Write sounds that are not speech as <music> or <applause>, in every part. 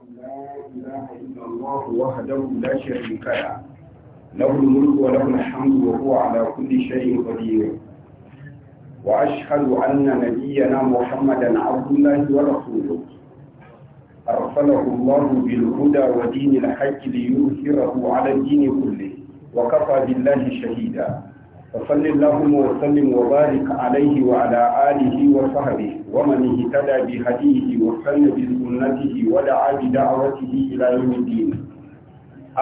لا إله إلا الله وحده لا شريك له له الملك وله الحمد وهو على كل شيء قدير وأشهد أن نبينا محمدا عبد الله ورسوله أرسله الله بالهدى ودين الحق ليظهره على الدين كله وكفى بالله شهيدا فصل اللهم وسلم وبارك عليه وعلى آله وصحبه ومن اهتدى بهديه وسن بسنته ودعا بدعوته إلى يوم الدين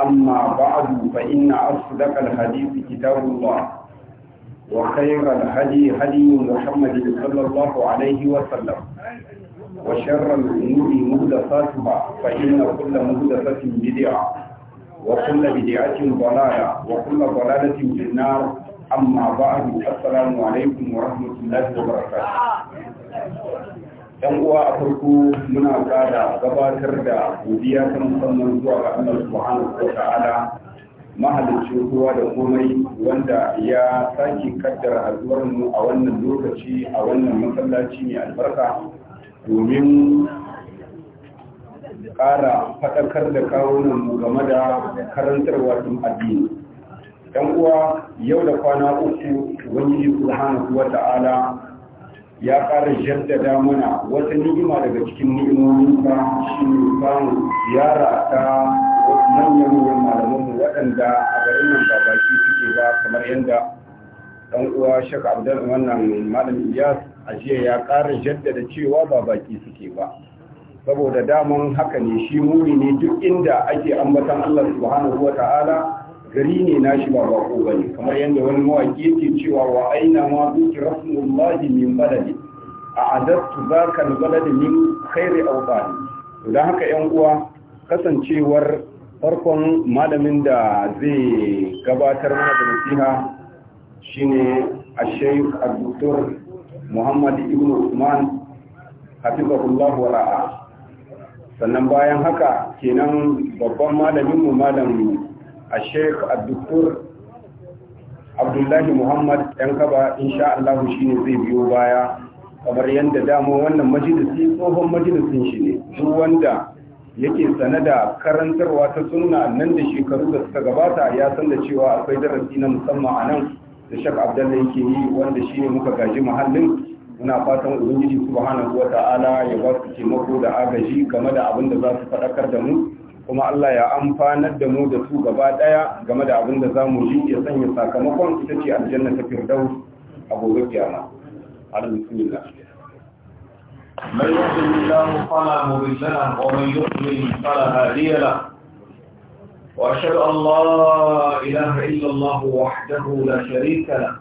أما بعد فإن أصدق الحديث كتاب الله وخير الهدي هدي محمد صلى الله عليه وسلم وشر الأمور مهدساتها فإن كل مهدسة بدعة وكل بدعة ضلالة وكل ضلالة في النار amma بعد السلام alaikum wa الله وبركاته barakatuh yan uwa a farko muna kada gabatar da godiya ta musamman zuwa ga Allah subhanahu wa ta'ala mahalicci kowa da komai wanda ya sake kaddara haduwar mu a wannan lokaci a wannan masallaci mai albarka domin ƙara faɗakar da kawunan mu game da karantar wasu addini yan uwa yau da kwana uku ubangiji subhanahu ta’ala ya ƙara jaddada mana wata ni'ima daga cikin ni'imominsa shine samun ziyara ta manyan manyan malamanmu waɗanda a garin nan ba baki suke ba kamar yadda ɗan uwa shek abdul wannan malam iyas a jiya ya ƙara jaddada cewa ba baki suke ba saboda daman haka ne shi muni ne duk inda ake ambatan allah subhanahu wa ta'ala gari ne na shi ba bako ba ne kamar yadda wani mawaƙi ke cewa wa aina ma duki rasulullahi min baladi a adattu za ka baladi min khairi aubani don haka yan uwa kasancewar farkon malamin da zai gabatar mana da nasiha shine ashaykh abdur muhammad ibn usman hafizahullah wa ra'a sannan bayan haka kenan babban malamin mu malamin. الشيخ الدكتور عبد الله محمد kaba إن شاء الله شيني زي بيو بايا kamar yadda dama wannan majalisi tsohon majalisin shi ne duk wanda yake sane da karantarwa ta sunna nan da shekaru da suka gabata ya san da cewa akwai darasi na musamman a nan da shak abdallah yake yi wanda shi ne muka gaji muhallin muna fatan ubangiji subhanahu wata'ala ya ba su taimako da agaji game da abin da za su faɗakar da mu kuma Allah ya amfanar da mu da su gaba daya game da abin da zamu yi ya sanya sakamakon ita ce aljanna ta firdaus a gobe kiyama alhamdulillah من يهده الله فلا مضل له ومن يضلل فلا هادي له واشهد ان لا اله الا الله وحده لا شريك له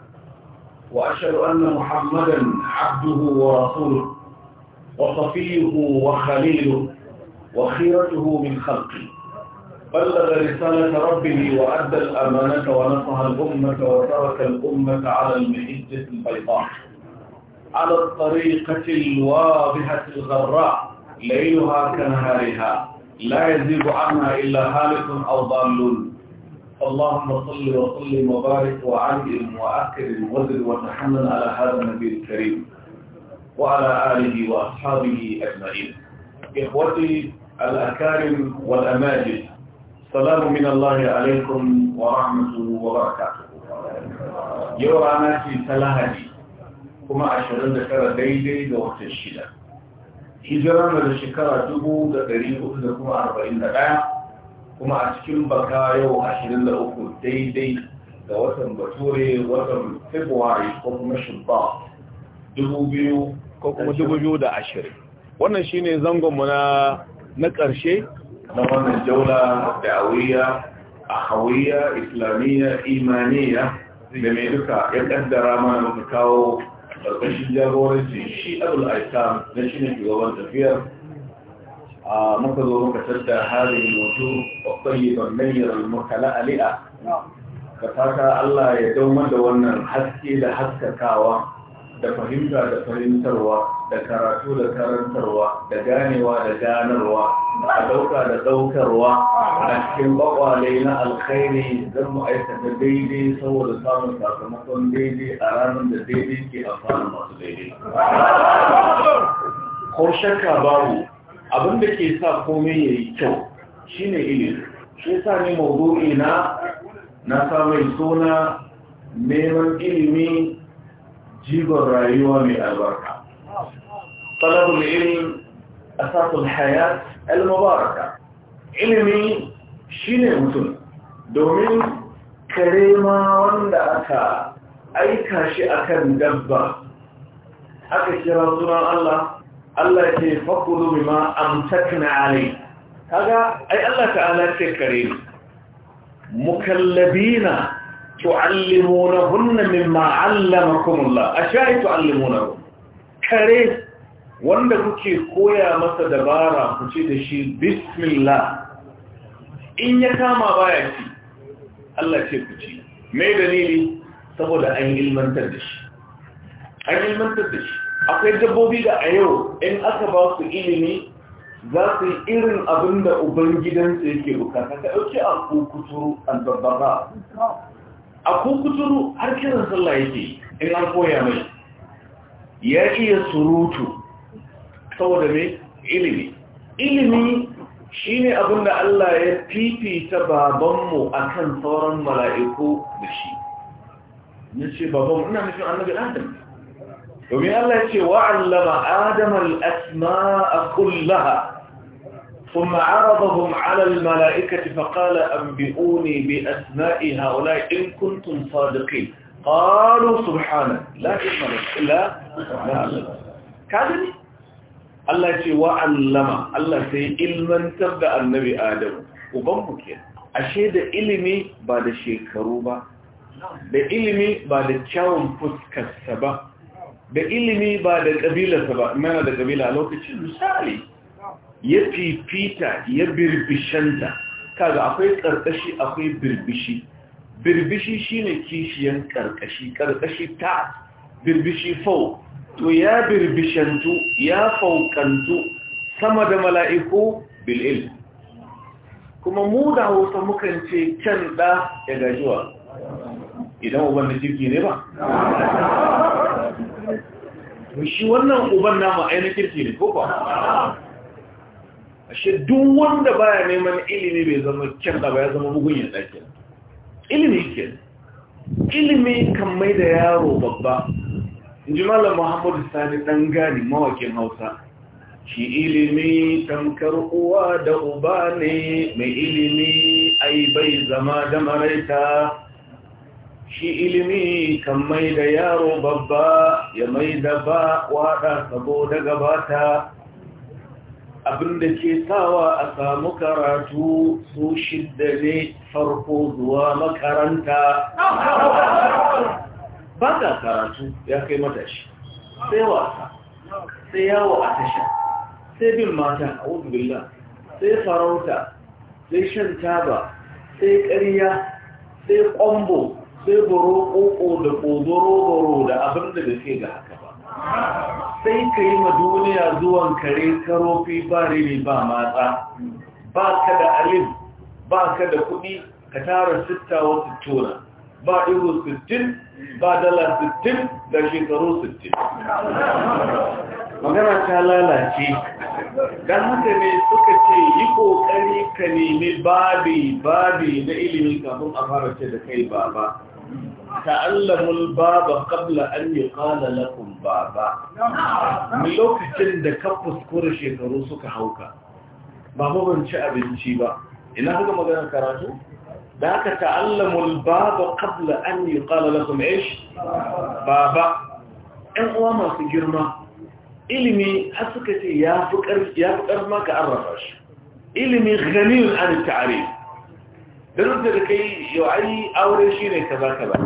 واشهد ان محمدا عبده ورسوله وصفيه وخليله وخيرته من خلقه بلغ رسالة ربه وأدى الأمانة ونصح الأمة وترك الأمة على المحجة البيضاء على الطريقة الواضحة الغراء ليلها كنهارها لا يزيد عنها إلا هالك أو ضال اللهم صل وسلم وبارك وعلم وأكرم وزد وتحمل على هذا النبي الكريم وعلى آله وأصحابه أجمعين إخوتي الأكارم والأماجد سلام من الله عليكم ورحمته وبركاته yau ana ce ta lahadi kuma ashirin da tara daidai ga watan shida hijira na da shekara dubu da ɗari hudu da kuma arba'in da ɗaya kuma a cikin baka yau ashirin da uku daidai ga watan watan ko kuma shubba wannan shine zangonmu na na ƙarshe na wannan jaula a ahawiyya islamiyya imaniyya da mai duka ya ƙaddara mana muka kawo ƙarƙashin jagoranci shi abul aikam na shi ne shugaban tafiyar a muka zo muka tattara halin mutu a ƙwayyuban nayyar makala ali'a ka fata Allah ya daumar da wannan haske da haskakawa da fahimta da fahimtarwa da karatu da karantarwa da ganewa da ganarwa a dauka da daukarwa a cikin bakwale na alkhairi zan mu aikata daidai saboda samun sakamakon daidai a ranar da daidai ke amfani masu daidai ko shakka babu abin da ke sa komai ya yi kyau shine ilimi shi sa ne mawdu'i na na samun suna neman ilimi jigon rayuwa mai albarka talabul ilm asasul hayat al-mubaraka ilimi shine mutum domin kare ma wanda aka aika shi akan dabba aka kira sunan Allah Allah ce fakulu bima amtakna alai kaga ai Allah ta'ala ce kare mukallabina تعلمونهن مما علمكم الله أشاهد تعلمونهن kare wanda kuke koya masa dabara ku ce da shi bismillah in ya kama baya ci Allah ce ku ci mai dalili saboda an ilmantar da shi an ilmantar da shi akwai dabbobi da a yau in aka ba su ilimi za su yi irin abin da ubangidansu yake bukata ka ɗauki a kukuturu a kuturu har kiran sallah yake in an koya mai ya iya surutu saboda mai ilimi ilimi shi ne abinda Allah ya fifita babanmu a kan sauran mala'iku da shi ya ce babanmu ina nufin annabi adam domin Allah ya ce wa'allama adam al'asma a kullaha ثم عرضهم على الملائكة فقال أنبئوني بأسماء هؤلاء إن كنتم صادقين قالوا سبحانك لا علم لك إلا ما علمتنا كذلك الله يقول وعلم الله سي علما تبدا النبي آدم وبمك ashe da ilimi ba da shekaru ba da ilimi ba da kyawun fuskarsa ba da ilimi ba da ƙabilarsa ba mana da ƙabila a lokacin misali ya fifita ya birbishanta kaga akwai karkashi akwai birbishi birbishi shine kishiyan karkashi karkashi ta birbishi fau to ya birbishantu ya faukantu sama da mala'iku ilm kuma mu da hausa mukan ce can da ya gajiwa idan uban da jirgi ne ba shi wannan uban namu ainihin kirki ne ko ba ashe duk wanda baya neman ilimi bai zama kyanda ba ya zama bugun ya ɗakin ilimi ke ilimi kan mai da yaro babba inji malam muhammadu sani ɗan gani mawakin hausa shi ilimi tamkar uwa da uba ne mai ilimi ai bai zama da maraita shi ilimi kan mai da yaro babba ya mai da ba waɗa saboda gabata abinda ke sawa a samu karatu su shidda ne farko zuwa makaranta ba ka karatu ya kai matashi sai wasa sai yawo a tasha sai bin mata a billa sai farauta sai shan taba sai ƙarya sai kwambo, sai boro ƙoƙo da ƙodoro da abinda da ke ga haka ba sai ka yi ma duniya zuwan kare karofi ba rini ba matsa ba ka da alim ba ka da kuɗi ka tara sitta wasu tura ba iru sittin ba dala sittin da shekaru sittin magana ta lalace don haka ne suka ce yi ƙoƙari ka nemi babi babi na ilimin kafin a fara ce da kai ba ba ta'allamul baba qabla an yi yuqala lakum baba mun lokacin da ka fuskura shekaru suka hauka ba mu abinci ba ina kuka magana karatu da aka ta'allamul baba qabla an yi yuqala lakum ish baba ɗan uwa masu girma ilimi har suka ce ya fi ƙarfi ya fi ƙarfi ma ka arrafa shi ilimi ghaniyun an ta'arif درود دې کوي جوعي او رشيني کبا کبا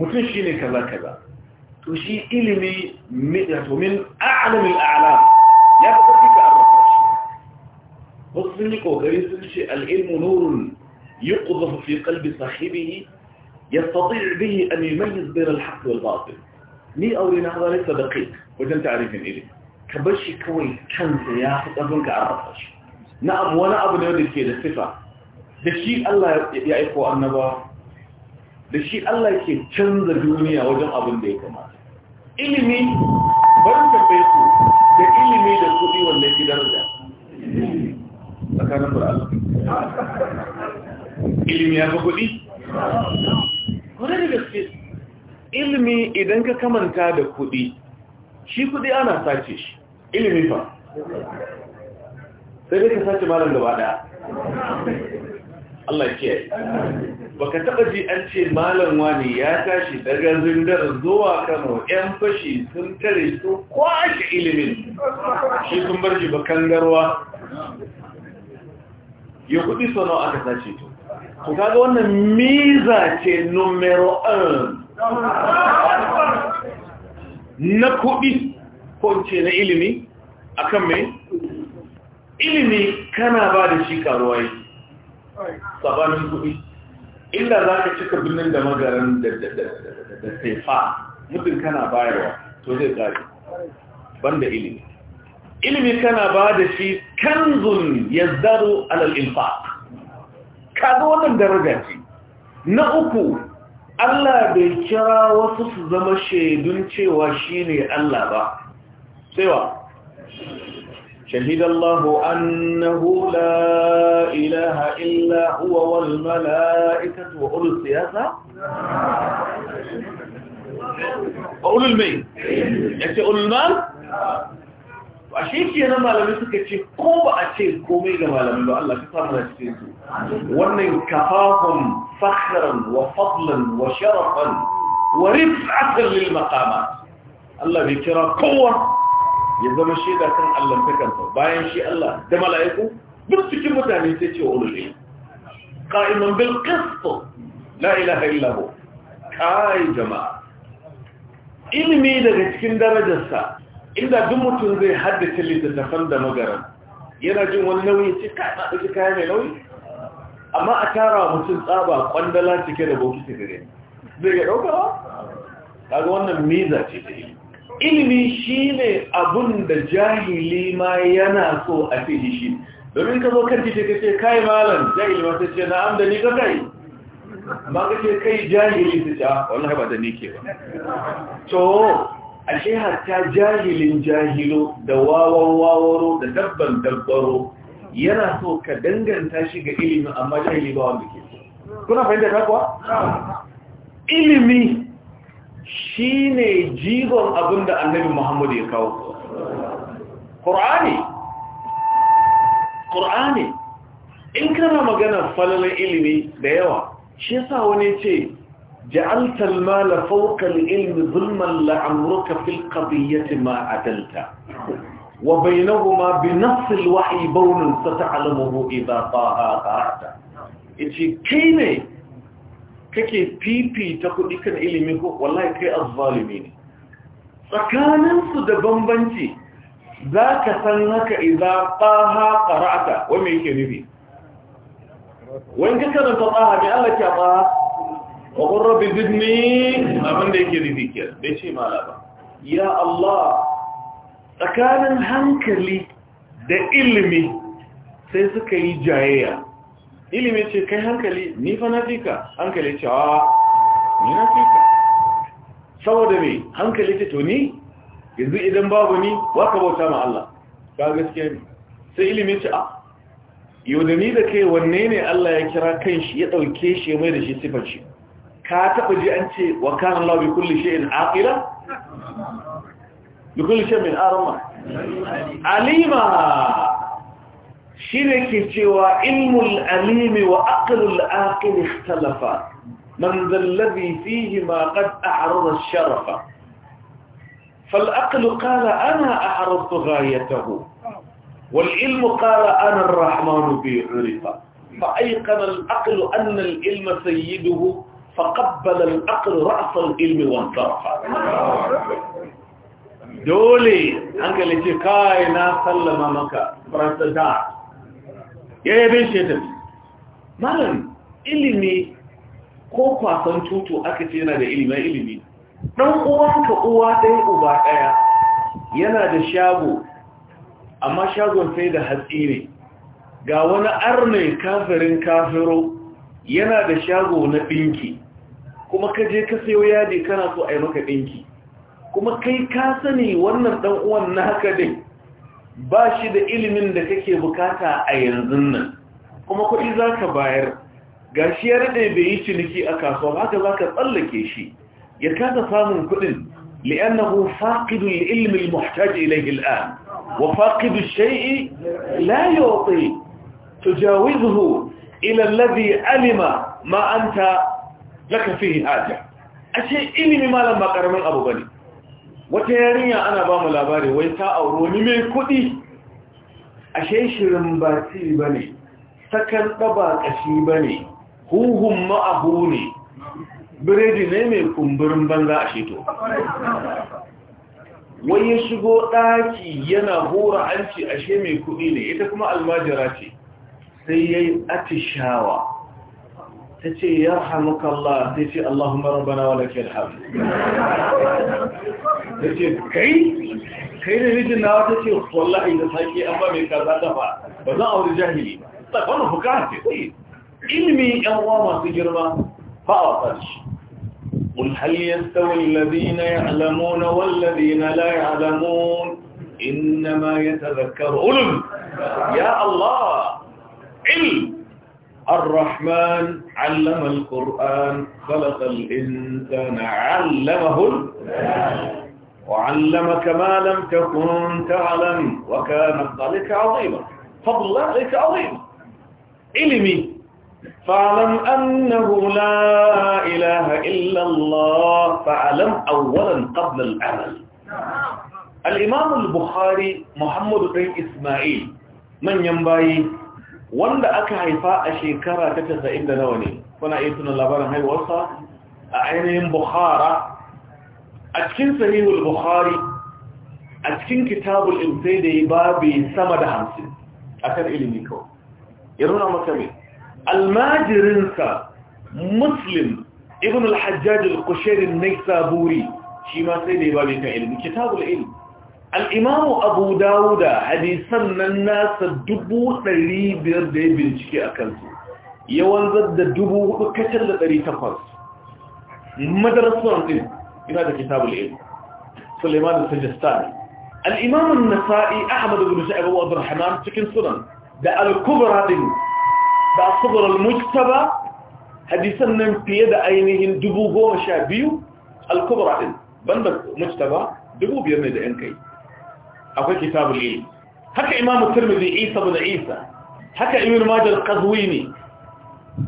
متن شيني کبا کبا تو شي علمي مدته من اعلم الاعلام يا بتفيك الرقش بص مني كوكري شيء العلم نور يقذف في قلب صاحبه يستطيع به ان يميز بين الحق والباطل مي او لنهضه ليس دقيق وجن تعريف الي كبشي كوي كنز يا حق ابنك الرقش نأب ونأب نودي كده صفه da shi Allah ya aiko annaba da shi Allah ke canza duniya wajen abin da ya kamata ilimi barin tambaye ku da ilimi da kudi wanda ya daraja tsakanin bura ilimi ya fi kudi? kone da gaske ilimi idan ka kamanta da kudi shi kudi ana sace shi ilimi fa sai dai ka sace malam gaba daya Allah ke baka taba ji an ce malam wani ya tashi daga zindar zuwa Kano yan fashi sun tare su kwashe ilimin shi sun bar shi garwa ya kudi sono aka sace to to kaga wannan miza ce numero 1 na kudi ko ce na ilimi akan me ilimi kana ba da shi karuwa yi sabanin kuɗi inda za ka cika birnin da magarin da saifa mutum kana bayarwa to zai tsari banda ilimi ilimi kana ba da shi kanzun ya zaro alal'infa ka zo wannan daraja ce na uku Allah bai kira wasu su zama shaidun cewa shi ne Allah ba sai wa شهد الله أنه لا إله إلا هو والملائكة وأولو السياسة وأولو المين يعني أولو المال وأشيء شيء أنا ما لم يسك شيء قوم أشيء قومي لما لم يلو الله كتاب لا شيء وأن كفاهم فخرا وفضلا وشرفا ورفعة للمقامات الله بكرة قوة ya zama shaida kan Allah ta kansa bayan shi Allah da mala'iku duk cikin mutane sai ce wa ulul qa'iman bil qist la ilaha illa hu kai jama'a ilimi daga cikin darajarsa inda duk mutum zai haddace littattafan da magara yana jin wani nauyi ce kai na dauki kaya mai nauyi amma a tara mutum tsaba kwandala cike da bokiti gare zai ga ba kaga wannan miza ce ta ilmi ilimi shi ne abun da jahili ma yana so a fi shi domin ka zo kan titi ka ce kai malam jahili ma sai ce am da ni ka kai ba ka ce kai jahili su ce a ah, wallahi ba da ni ke ba to ashe hatta jahilin jahilo da wawan wawaro da dabban dabbaro yana so ka danganta shi ga ilimi amma jahili ba wanda ke kuna fahimta ta kuwa ilimi shi ne jigon abinda annabi muhammadu ya kawo ƙur'ani ƙur'ani in kana magana falalin ilimi da yawa shi yasa wani ce ja'altal mala fawqa al-ilmi zulman la'amruka fil qadiyyati ma adalta wa bainahuma bi nafs al-wahyi bawnun sata'lamuhu ba ta'a qara'ta yace kai ne kake fifita kuɗi kan ilimi ko wallahi kai azzalimi ne tsakaninsu da bambanci za ka san haka idan ƙaha ƙara'ata wai mai yake nufi wani ka karanta ƙaha mai Allah ke ba wa ƙurra bizidni abin da yake nufi ke bai ce mala ba ya Allah tsakanin hankali da ilimi sai suka yi jayayya Ilimin ce kai hankali ni fa na hankali ce a ni na fika saboda me hankali ce to ni yanzu idan babu ni waka bauta ma Allah ga gaske ne sai ilimi ce a yau da ni da kai wanne ne Allah ya kira kan shi ya ɗauke shi mai da shi sifar shi ka taɓa ji an ce wa kan Allah bi kulli shay'in aqila bi kulli shay'in arama alima شرك سوى علم الأليم وأقل الآقل اختلفا من ذا الذي فيهما قد أعرض الشرف qad فالأقل قال أنا أعرضت غايته والعلم قال أنا الرحمن بي عرف فأيقن الأقل أن العلم سيده فقبل الأقل رأس العلم وانطرف دولي أنك لتكاي ناسل ممك فرسدات ya bai shi ta malam ilimi ko kwasan tutu aka ce yana da ilimi ilimi dan uwanka uwa ɗaya uba ɗaya yana da shago amma shagon sai da hatsi ne ga wani arne kafirin kafiro yana da shago na ɗinki kuma ka je ka sayo yadi kana so a yi maka ɗinki kuma kai ka sani wannan ɗan uwan naka dai ba shi da ilimin da kake bukata a yanzu nan kuma kuɗi za ka bayar ga shi ya rade bai yi ciniki a kasuwa haka za ka tsallake shi ya kasa samun kuɗin li'annahu faqidu ilmi almuhtaj ilayhi al'an wa faqidu shay'i la yu'ti tujawizuhu ila alladhi alima ma anta laka fihi haja ashe ilimi malam ba karamin abu bane wata yarinya ana ba mu labari wai ta auro ni mai kuɗi ashe shirin bati ba ne sakan ɗaba ƙashi ba ne huhun ma'ahu ne biredi ne mai kumburin banza a sheto ya shigo ɗaki yana hura hanci ashe mai kuɗi ne ita kuma almajira ce sai ya yi atishawa تجي يرحمك الله تجي اللهم ربنا ولك الحمد تجي كي كي نريد النار تجي والله إذا سيكي أبا من كذا دفع وذا أول جاهلي طيب أنا فكرت علمي الله ما تجربة فأطلش قل هل يستوي الذين يعلمون والذين لا يعلمون إنما يتذكر علم يا الله علم الرحمن علم القرآن خلق الإنسان علمه وعلمك ما لم تكن تعلم وكان ذلك عظيما فضل ذلك عظيم علمي فاعلم أنه لا إله إلا الله فاعلم أولا قبل العمل الإمام البخاري محمد بن إسماعيل من ينبغي wanda aka haifa a shekara ta casa'in da nawa ne kuna iya tunan labarin haihuwarsa a ainihin bukhara a cikin sahihul bukhari a cikin kitabul imtai da yi babi sama da hamsin a kan ilimi kawai ya nuna maka almajirinsa muslim ibn al-hajjaj al-kushirin naisa buri shi ma sai da yi babi kan ilimi kitabul ilimi الإمام أبو داود حديثا الناس الدبو تريب يردي بنشكي أكلت يوان ضد الدبو كتر لطريق تفرس مدرسة عندهم هذا كتاب العلم سليمان السجستاني الإمام النسائي أحمد بن شعب وعبد الرحمن تكن سنن دع الكبرى دين دع صبر المجتبى حديثا من بيد عينه دبو هو مشابيو الكبرى دين بندق مجتبى دبو بيرني دعين كيف akwai kitabul ilm haka imamu tirmidhi isa bin isa haka ibn majah al-qazwini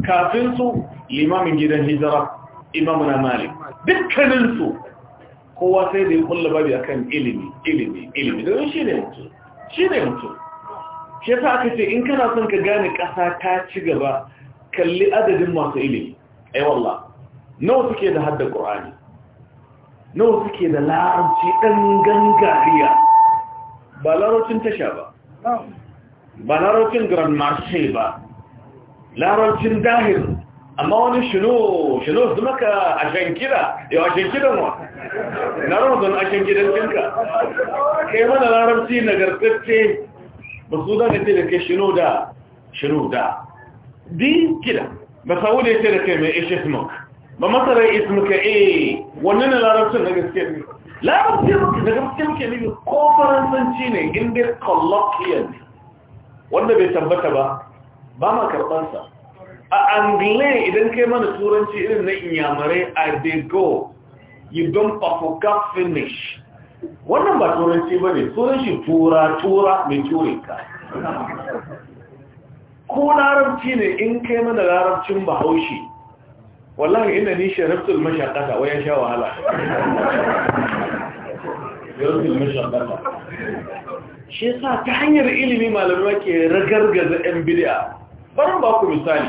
kafin su limamin gidan hijira imamu na malik dukkanin su kowa sai da ya kulla babu akan ilimi ilimi ilimi don shi ne mutum shi ne mutum shi yasa aka ce in kana son ka gane ƙasa ta ci gaba kalli adadin masu ilimi ai wallah nawa suke da hadda qur'ani nawa suke da larabci dan gangariya ba larocin tasha ba ba larocin grand marché ba larocin dahir amma wani shino shino su maka a shankida yau a shankidan wa larabcin a shankidan cinka kai mana larabci nagartacce ba su za ka ce da kai shino da shino da din kida ba sa'udu ya ce da kai mai ishe smoke ba masarar ismuka eh wannan larabcin na gaske ne larabci muke daga muke muke nufi ko faransanci ne inda colloquial wanda bai tabbata ba ba ma karɓarsa a angle idan kai mana turanci irin na inyamurai a dey go you don pafuka finish wannan ba turanci ba ne turanci tura tura mai ture ka ko larabci ne in kai mana larabcin bahaushe wallahi ina ni sharaftul mashakata wayan sha wahala shi yasa ta hanyar ilimi malamai ke ragargaza 'yan bid'a barin ba ku misali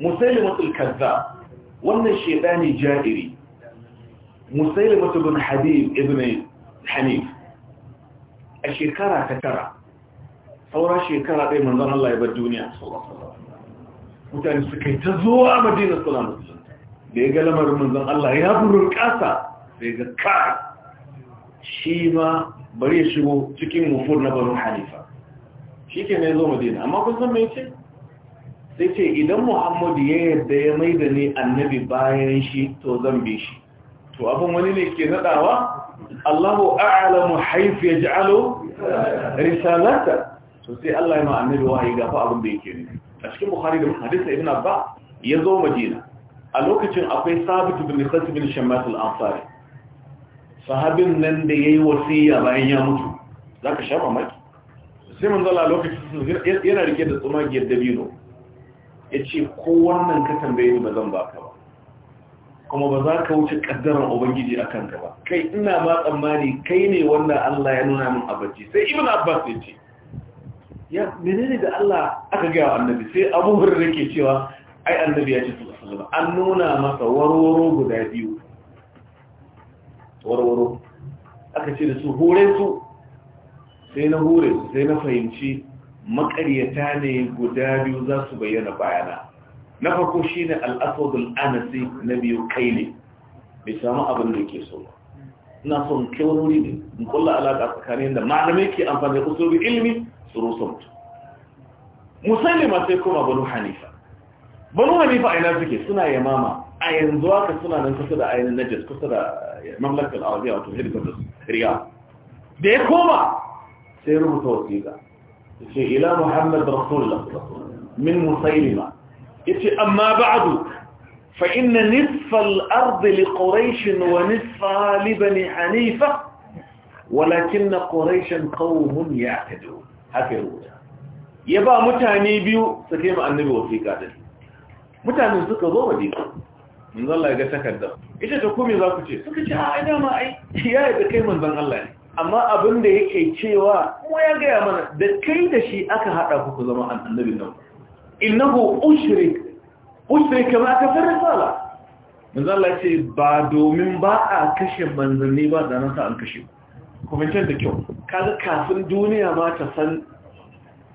musailimatul kazza wannan shedani ja'iri musailimatu bin habib ibn hanif a shekara ta tara saura shekara ɗaya manzon Allah ya bar duniya mutane suka yi ta zuwa madina suna musulunta da ya ga lamarin manzon Allah ya burin ƙasa sai ga ka shi ma bari shigo cikin mufur na banu hanifa shi ke na zo madina amma kusan mai ce sai ce idan muhammadu ya yadda ya mai da ne annabi bayan shi to zan bi shi to abin wani ne ke nadawa allahu a'alamu haifu ya ji'alo risalata to sai allah ya ma annabi wahayi gafa abin da yake ne a cikin bukhari da hadisa ibn abba ya zo madina a lokacin akwai sabit bin khatib bin shammat al-ansari sahabin nan da ya yi wasiya bayan ya mutu za ka sha mamaki sai manzala lokacin yana rike da tsumagiyar dabino ya ce ko wannan ka tambaye ni ba zan ba ka ba kuma ba za ka wuce kaddaran ubangiji a kanka ba kai ina ma tsammani kai ne wanda Allah ya nuna min abarci sai ibn abbas ya ce ya menene da Allah aka gaya wa annabi sai abubuwan rike ke cewa ai annabi ya ce su an nuna masa warwaro guda biyu warwaro aka ce da su hore su sai na hure su sai na fahimci makaryata ne guda biyu za su bayyana bayana na farko shi ne al'asodul anasi na biyu kai ne bai samu abin da ke so ina son kewarori ne in kulla alaƙa tsakanin da malamai ke amfani da usulun ilmi su rusa mutu musamman masu sai kuma banu hanifa banu hanifa a ina suke suna yamama a yanzu haka suna nan kusa da ainihin najas kusa da المملكة العربية وتوحيد القدس رياض ديكوما سيروا توسيدا إلى محمد رسول الله من مسيلمة إتي أما بعد فإن نصف الأرض لقريش ونصفها لبني حنيفة ولكن قريش قوم يعتدون هكذا هو يبقى متعني بيو سكيم النبي وفيك عدد متعني سكة ضوء دي من ظل يجسك الدخل ita ta kome za ku ce suka ce a dama ai ya yi da kai manzan Allah ne amma abin da yake cewa kuma ya gaya mana da kai da shi aka haɗa ku ku zama annabin nan innahu ushrik ushrik kama aka fi risala manzan Allah ce ba domin ba a kashe manzanni ba da nasa an kashe kumintar da kyau kaga kafin duniya ma ta san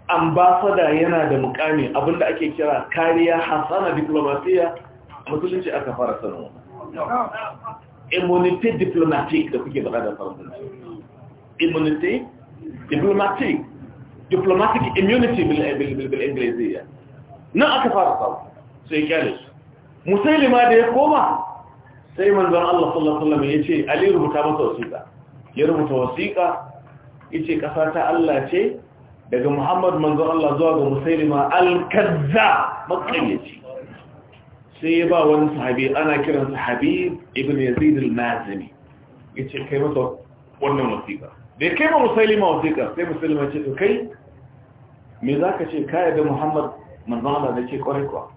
ambasada yana da mukami abinda ake kira kariya hasana diplomasiya ce aka fara sanarwa immunité diplomatique da kuke bada da farko immunité diplomatique immunity aka fara samu sai su musulima da ya koma sai manzon Allah sallallahu alaihi wasallam yace ali rubuta masa wasiƙa ya rubuta wasiƙa yace kasa ta Allah ce daga Muhammad manzon Allah zuwa ga musulima al-kazza makayyaci sai ya ba wani sahabi ana kiran sahabi ibn yazid al-mazini ya ce kai masa wannan wasiƙa da ya kai ma musulima wasiƙa sai musulima ce to kai me za ka ce kayan da muhammad manzana da ce kwarai kuwa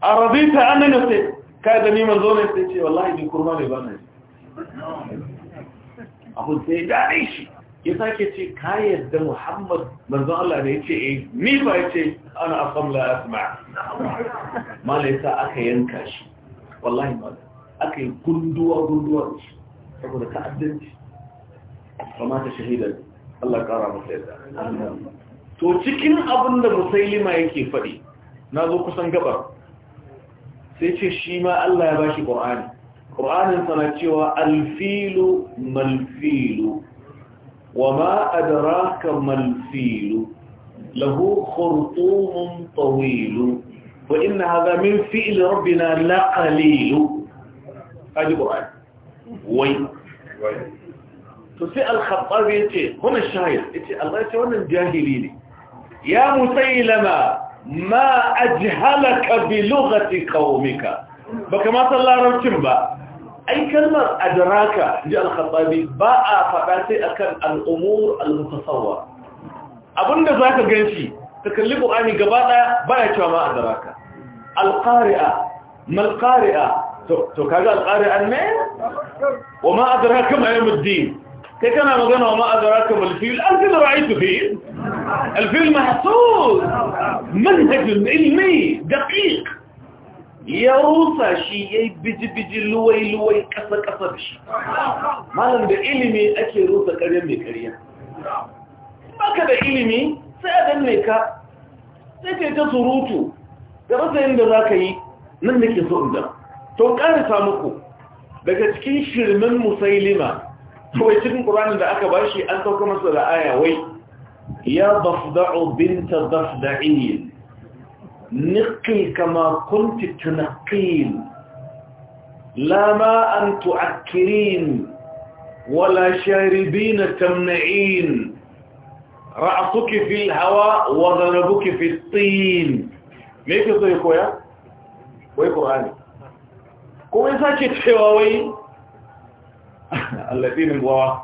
a rabita an nuna sai kayan da neman zo ne sai ce wallahi ne kurma ne ba na ji abu sai daɗe shi ya sake ce ka yadda muhammad manzon Allah da ya ce eh ni ba ya ce ana afam la asma mala yasa aka yanka shi wallahi mala aka yi gunduwa gunduwa da shi saboda ta'addanci amma ta shahidan Allah kara masa yadda to cikin abin da musailima yake faɗi na zo kusan gabar sai ce shi ma Allah ya bashi qur'ani qur'anin sana cewa alfilu malfilu وما أدراك ما الفيل له خرطوم طويل وإن هذا من فئل ربنا لقليل قليل هذه قرآن وي تسيء الخطاب يتي هنا الشاهد يتي الله يتي هنا الجاهلين يا مسيلمة ما أجهلك بلغة قومك بك ما صلى رمشن با أي كلمة أدراك جاء الخطابي باء فباتي أكن الأمور المتصورة أبن ذاك الجنسي تكلموا أني قبالة باء شواما أدراك القارئة ما القارئة تكاد القارئة المين وما أدراك ما يوم الدين كيف كان مغنى وما أدراك ما الفيل الفيل رأيته فيه الفيل محصول منهج علمي دقيق ya rusa shi ya yi biji-biji luwai-luwai ƙasa-ƙasa da shi malam da ilimi ake rusa ƙarya mai ƙarya baka da ilimi sai a ɗan ka sai ka yi ta surutu da rasa da za ka yi nan da ke so da to ƙarisa muku daga cikin shirmin musailima kawai cikin ƙuranin da aka bashi an sauka masa da aya wai ya bafda'u binta bafda'iyin نقي كما كنت تنقين لا ماء تعكرين ولا شاربين تمنعين رأسك في الهواء وغنبك في الطين ميك يقول يا خويا وي قران كو ميسا تشيواوي الذين هو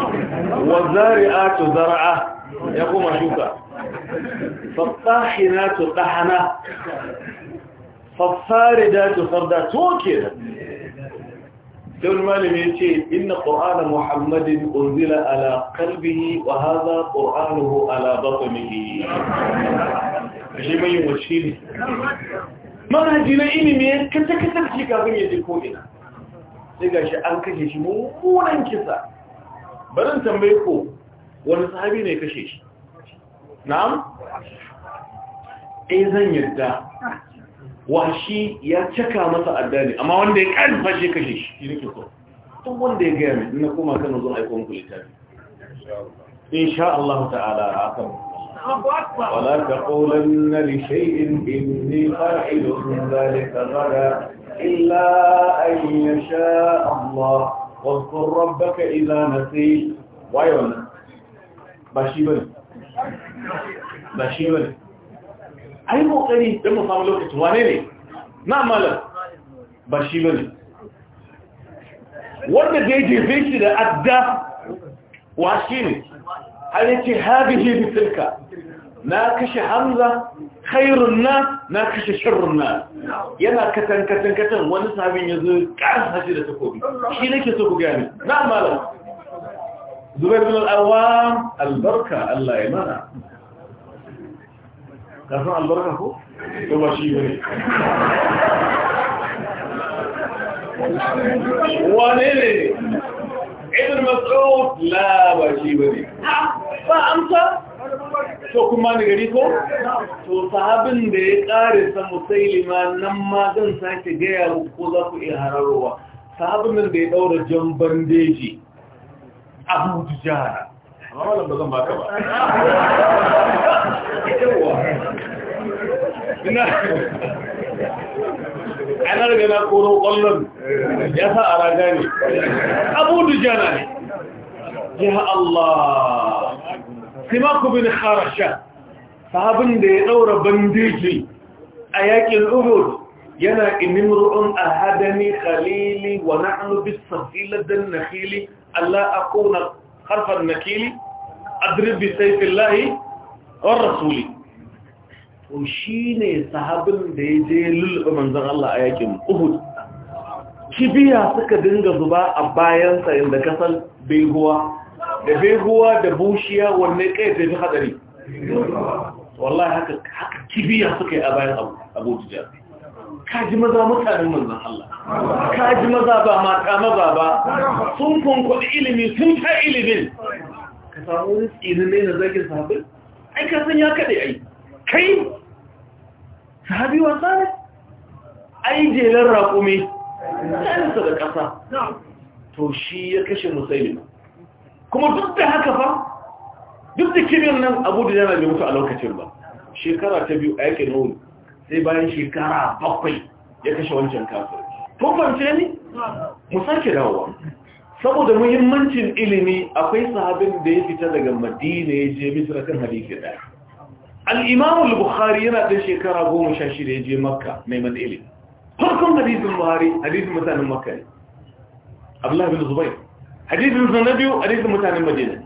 <laughs> وزارعات زرعه ya kuma shuka fassahina tu ɗahana fassarida tu sarda toke da don malami ce inna ƙor'ana muhammadin unzila ala kalbihi wa haza ƙor'anuhu ala batanihi shi mai wace ne manhaji na ilimi ya kata-kata shi kafin ya ji ina sai ga an kashe shi mummunan kisa barin tambaye ko wani sahabi ne kashe shi na'am eh zan yarda washi ya caka masa adda ne amma wanda ya karfa shi kashe shi shi nake so tun wanda ya gaya min na koma kan zo aiko muku littafi insha Allah ta'ala akan ولا تقولن لشيء إني فاعل ذلك غدا إلا أن يشاء الله واذكر ربك إذا نسيت ويوم ba shi bane ba shi bane ai kokari don mu samu lokaci wane ne na malam ba shi bane wanda zai jefe shi da adda wa shi ne har yace hadihi bi tilka na kashe hamza khairun na na kashe sharrun na yana katan katan katan wani sabin yazo ƙarsa shi da takobi shi nake so ku gane na malam zubair bin al'awam albarka Allah ya mana kasan albarka ko? ko ba shi ne wane ne ibn mas'ud la ba shi ne ba amsa to kuma ni gari ko to sahabin da ya kare sa musailima nan ma zan sake gaya ko za ku iya hararowa sahabin da ya daura jan bandeji أبو jujjara أنا لا أنا أقول قلنا يا أبو دجانا يا الله سماك بن خارشة فهبن دي أورا بنديجي أياك الأبود ينا إن امرؤ أهدني خليلي ألا أكون حرف النكيل أضرب بسيف الله والرسول Shine sahabin da ya je lulluɓe manzon Allah a yakin Uhud kibiya suka dinga zuba a bayansa inda kasan beguwa da beguwa da bushiya wanne kai tafi hadari wallahi haka haka kibiya suka yi a bayan Abu kaji maza mutanen manzan Allah kaji maza ba mata maza ba sun kunkuɗi ilimi sun ta ilimin ka samu wani ilimin na zagin sahabin ai ka san ya kaɗe ai kai sahabi wasa ne ai jelar raƙumi tsarinsa da ƙasa to shi ya kashe musailin kuma duk da haka fa duk da kimin nan abu da yana bai mutu a lokacin ba shekara ta biyu a yakin nuni sai bayan shekara bakwai ya kashe wancan kafin kumfance ne? mu sake dawowa saboda muhimmancin ilimi akwai sahabin da ya fita daga madina ya je misra kan hadisi daya al'imamu bukhari yana ɗan shekara goma sha shida ya je makka neman ilimi farkon hadisin buhari hadisin mutanen makka ne abdullahi bin zubair hadisin sa biyu hadisin mutanen madina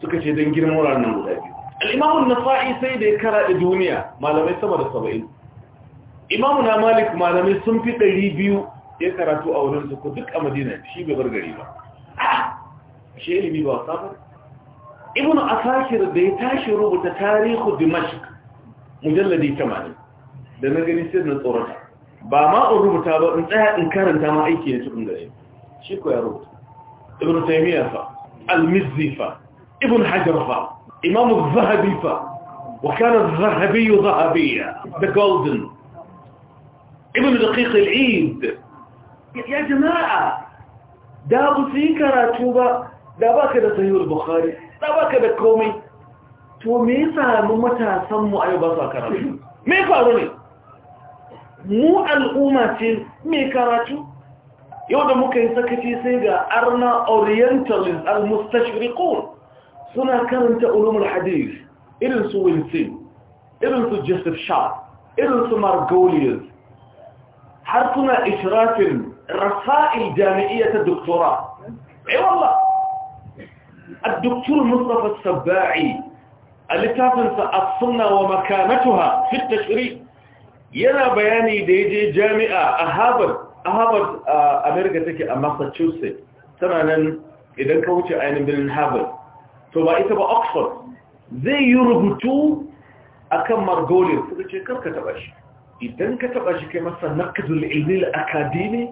suka ce don girman wuraren nan guda biyu al'imamun nasa'i sai da ya kara da duniya malamai sama da saba'in imamu na malik malamai sun fi ɗari biyu ya karatu a wurin su duk a madina shi bai bar gari ba shi ilimi ba sabar ibn asakir da ya tashi rubuta tarihu dimashq mujalladi 80 da na gani sai na tsorata ba ma in rubuta ba in tsaya in karanta ma aiki ne cikin gare shi ko ya rubuta ibn taymiyyah fa al-mizzi fa ibn hajar fa imam az-zahabi fa وكان الذهبي ذهبيا zahabi zahabiya the golden ابن دقيق العيد يا جماعة دابو أبو سيكرا توبا دا باك دا البخاري دا باك كومي تو ميسا ممتا سمو أي باسا كرامي ميسا روني مو الأمة ميكرا تو يودا موكا سكتي سيجا أرنا أورينتالي المستشرقون سنة كانت علوم الحديث إلنسو ويلسين إلنسو جيسف شار إلنسو مارغوليز حرفنا إشراف الرسائل جامعية الدكتوراه أي والله الدكتور مصطفى السباعي اللي تافنس أصلنا ومكانتها في التشريف يرى بياني دي دي جامعة أهابر أهابر أمريكا تكي أماساتشوسي تماماً إذا كوتي أين من الهابر ثم إتبا إيه أكفر زي يرغتو أكمر قولي فقط شكرك تباشي idan ka taba shi kai masa naqdul ilmi al-akademi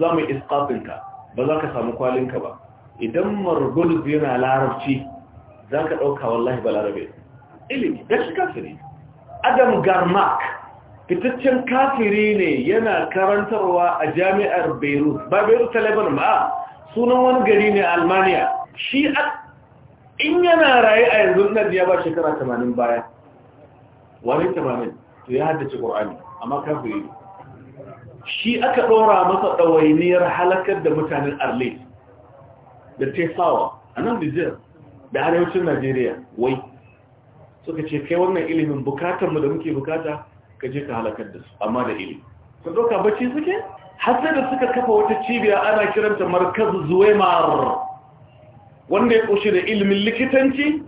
za mu isqabinka ba za ka samu kwalinka ba idan marbul yana larabci za ka ɗauka wallahi ba larabe ilimi da shi kafiri adam garmak fitaccen kafiri ne yana karantarwa a jami'ar beirut ba beirut ta lebanon ba sunan wani gari ne almaniya shi in yana raye a yanzu na ba shekara 80 baya wani 80 to ya haddace qurani amma kafiri shi aka ɗora masa ɗawainiyar halakar da mutanen arle da tesawa a nan nijar da arewacin najeriya wai suka ce kai wannan ilimin bukatarmu da muke bukata ka je ka halakar da su amma da ilimi sun ɗauka bacci suke hasar da suka kafa wata cibiya ana kiranta markaz zuwemar wanda ya ƙushi da ilimin likitanci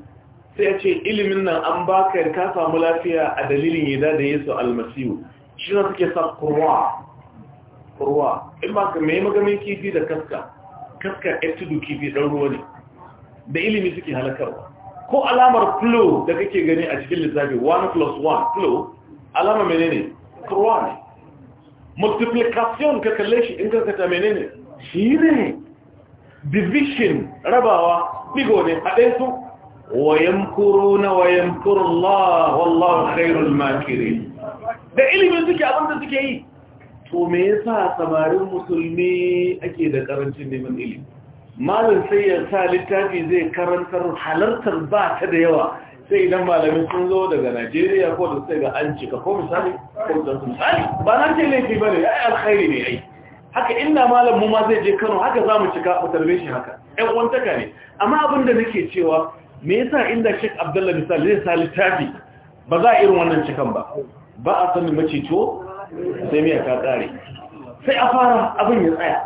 sai ya ce ilimin nan an baka ka samu lafiya a dalilin yada da yesu almasihu shi ke suke sa kurwa kurwa in ba ka mai magamin kifi da kaska kaska ya duki kifi ɗan ruwa ne da ilimi suke halakarwa ko alamar flow da kake gani a cikin lissafi 1 plus 1 flow alama menene kurwa ne multiplication ka kalle shi in karkata menene shi ne division rabawa bigo ne haɗe su wayan kuro na wayan kuro Allah wallahu khairul makirin da ilimin suke abinda suke yi to me yasa samarin musulmi ake da karancin neman ilimi malin sai ya sa littafi zai karantar halartar ba ta da yawa sai idan malami sun zo daga Najeriya ko da sai ga an cika ko misali ko da ba na ce laifi bane ai alkhairi ne ai haka inda malam mu ma zai je Kano haka zamu cika mu tarbe shi haka ɗan wantaka ne amma abin da nake cewa me yasa inda Sheikh Abdullahi misali zai sa littafi ba za irin wannan cikan ba ba a sanin maceto sai miya ta tsare sai a fara abin ya tsaya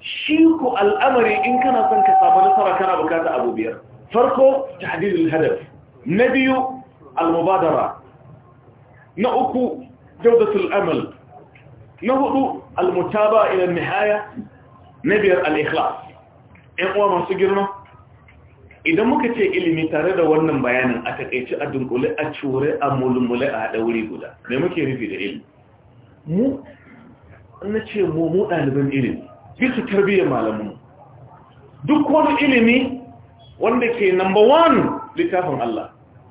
shi ku al'amari in kana son ka samu nasara kana bukata abu biyar farko tahdidul hadaf na biyu al-mubadara na uku jawdatul amal na hudu al-mutaba ila nihaya na biyar al-ikhlas ɗan uwa masu girma idan muka ce ilimi tare da wannan bayanin a takaici a dunkule a cure a mulmule a haɗa wuri guda me muke rufi da ilimi mu na ce mu mu ɗaliban ilimi bisa tarbiyyar malamu duk wani ilimi wanda ke number one littafin Allah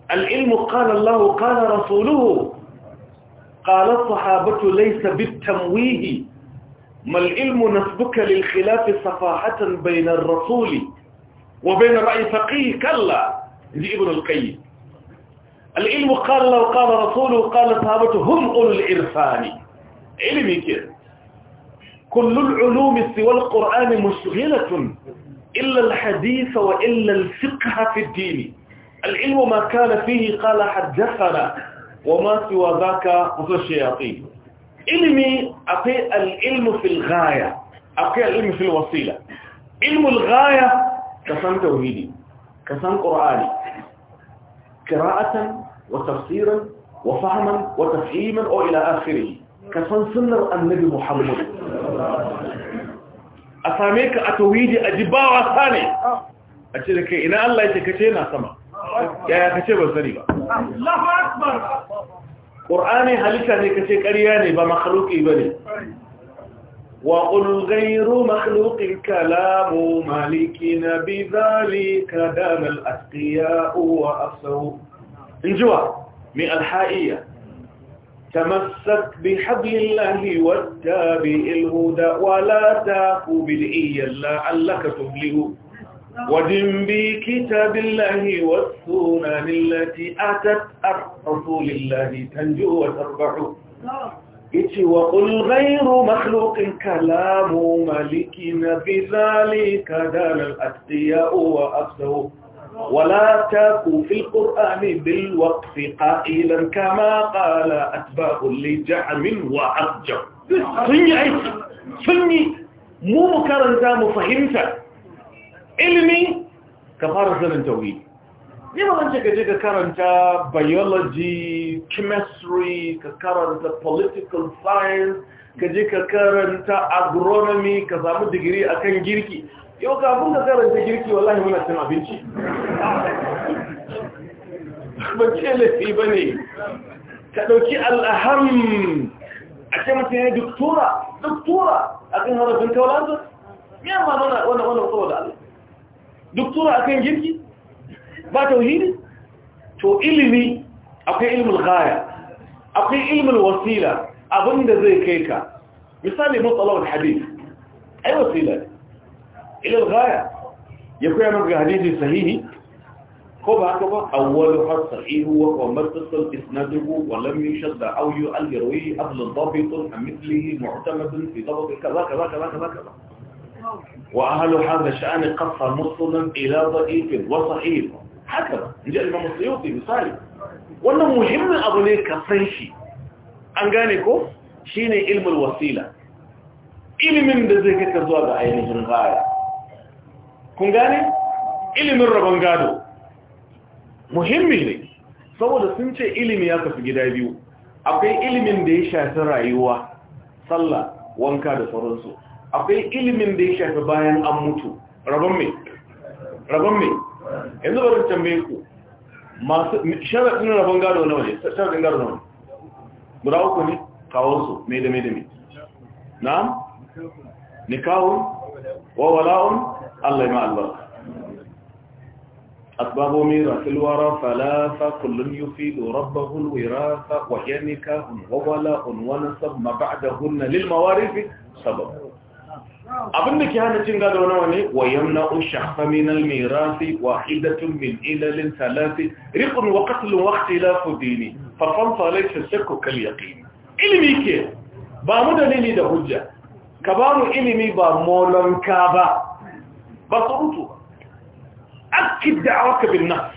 al'ilmu ƙala Allah ƙala rasuluhu ƙala sahabatu laisa bitamwihi mal ilmu nasbuka lil khilafi safahatan bainar rasuli وبين الرأي فقيه كلا ابن القيم العلم قال لو قال رسوله قال صحابته هم أولو الإرفان علمي كده كل العلوم سوى القرآن مشغلة إلا الحديث وإلا الفقه في الدين العلم ما كان فيه قال حدثنا وما سوى ذاك مثل الشياطين علمي أقي العلم في الغاية أقي العلم في الوسيلة علم الغاية ka san tauhidi ka san qur'ani qira'atan wa tafsiran wa fahman wa tafhiman aw ila akhirih ka san sunnar annabi muhammad a same ka a tauhidi a ji ba wasa ne a ce da kai ina Allah ya ce kace na sama yaya kace ban sani ba Allahu akbar Qur'ani halitta ne kace ƙarya ne ba makhluqi bane وقل غير مخلوق الكلام مالكنا بذلك دام الأتقياء وأفسوا انجوا من الحائية تمسك بحبل الله واتبع الهدى ولا تاف بالإي لعلك تفله ودم بكتاب الله والسنن التي أتت رسول الله تنجو وتربح إتي وقل غير مخلوق كلام ملكنا بذلك دال الأتقياء وأفضه ولا تكو في القرآن بالوقف قائلا كما قال أتباع لجعم وأرجع سني أي سني مو مكرن زامو فهمت علمي كفارة زمن توي نيما أنت كجيك كرن تا بيولوجي chemistry ka karanta political science ka je ka karanta agronomy ka samu digiri akan girki yau kafin ka karanta girki wallahi muna cin abinci ba ce laifi ba ne ka ɗauki al'aham a ce mace ne doktora doktora a kan harafin taulanta ya ma nuna wani wani wata da Allah doktora a kan girki ba tauhidi to ilimi akwai ilmul ghaya akwai ilmul wasila abinda zai kai ka misali matsalawar hadith ai wasila ne ilmul ghaya ya koya maka hadisi sahihi ko ba haka ba awwalu hasahihu wa matasal isnaduhu wa lam yushad aw yu'allir wa abl dabit am mithlihi mu'tamad fi dabt kaza kaza kaza kaza kaza واهل هذا الشان قص مسلم الى ضعيف وصحيح هكذا جاء الامام السيوطي مثالي wannan muhimmin abu ne ka san shi an gane ko shi ne ilmul wasila ilimin da zai kaka zuwa ga ainihin gaya kun gane ilimin rabon gado muhimmi ne saboda sun ce ilimi ya kafi gida biyu akwai ilimin da ya shafi rayuwa sallah wanka da sauransu akwai ilimin da ya shafi bayan an mutu rabon mai rabon mai yanzu barin tambaye ku masu sharaɗin rabon gado nawa ne sharaɗin gado nawa ne guda uku ne kawo su mai da mai da mai na nikahun wawala'un allah ya ma'albarka أسباب ميراث الورى ثلاثة كل يفيد ربه الوراثة وهي نكاه وولاء ونسب ما بعدهن للموارث سبب abin da ke hana cin gado nawa ne wa yamna'u shakhsa min al-mirasi wahidatun min ilalin talati riqun wa qatlun wa ikhtilafu dini fa fanfa laysa shakku kan yaƙi. ilimi ke ba mu dalili da hujja ka ba mu ilimi ba molonka ba ba surutu akid da'awaka bin nas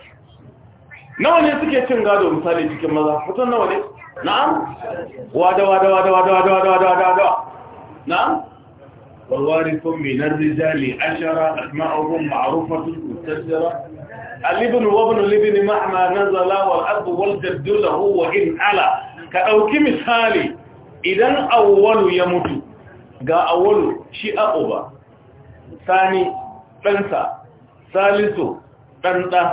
nawa ne suke cin gado misali cikin maza mutum nawa ne na'am Wada, wada wada wada wada wada wada wada na'am والوارث من الرجال عشرة أسماءهم معروفة مستجرة الابن وابن الابن مهما نزل والأب والجد له وإن ألا كأوكي مثالي إذن أول يموت قا أول شيء أبا ثاني تنسى ثالث تنتى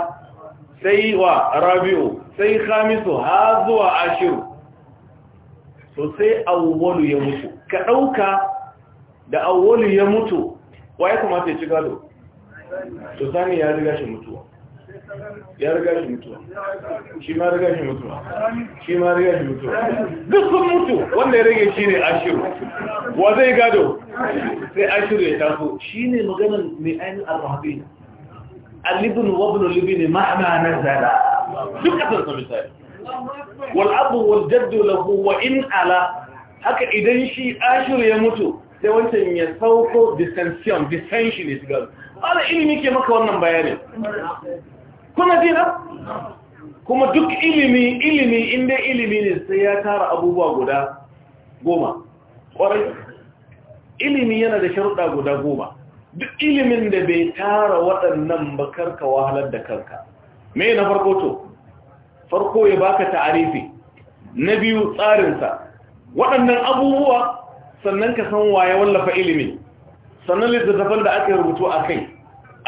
سيوى رابع سي خامس هذا وعاشر سي أول يموت كأوكي da awoli ya mutu waye kuma ya ci gado to sani ya riga shi mutuwa ya riga shi mutuwa shi ma riga shi mutuwa shi ma riga shi mutuwa duk sun mutu wanda ya rage shi ne ashiru wa zai gado sai ashiru ya tafi. shi ne maganin mai ainihin arhabi alibin wabin olibi ne ma'ana na zara duk kasar sa misali wal'abu wal jaddu lahu wa in ala haka idan shi ashiru ya mutu sai wancan ya sauko dissension dissension is god ala ilimi ke maka wannan bayanin kuna na kuma duk ilimi ilimi inda ilimi ne sai ya tara abubuwa guda goma Kwarai. ilimi yana da sharuɗa guda goma duk ilimin da bai tara waɗannan ba karka wahalar da kanka me na farko to farko ya baka ta'arifi na biyu tsarinsa waɗannan abubuwa sannan ka san waye wallafa ilimi sannan littattafan da aka rubutu a kai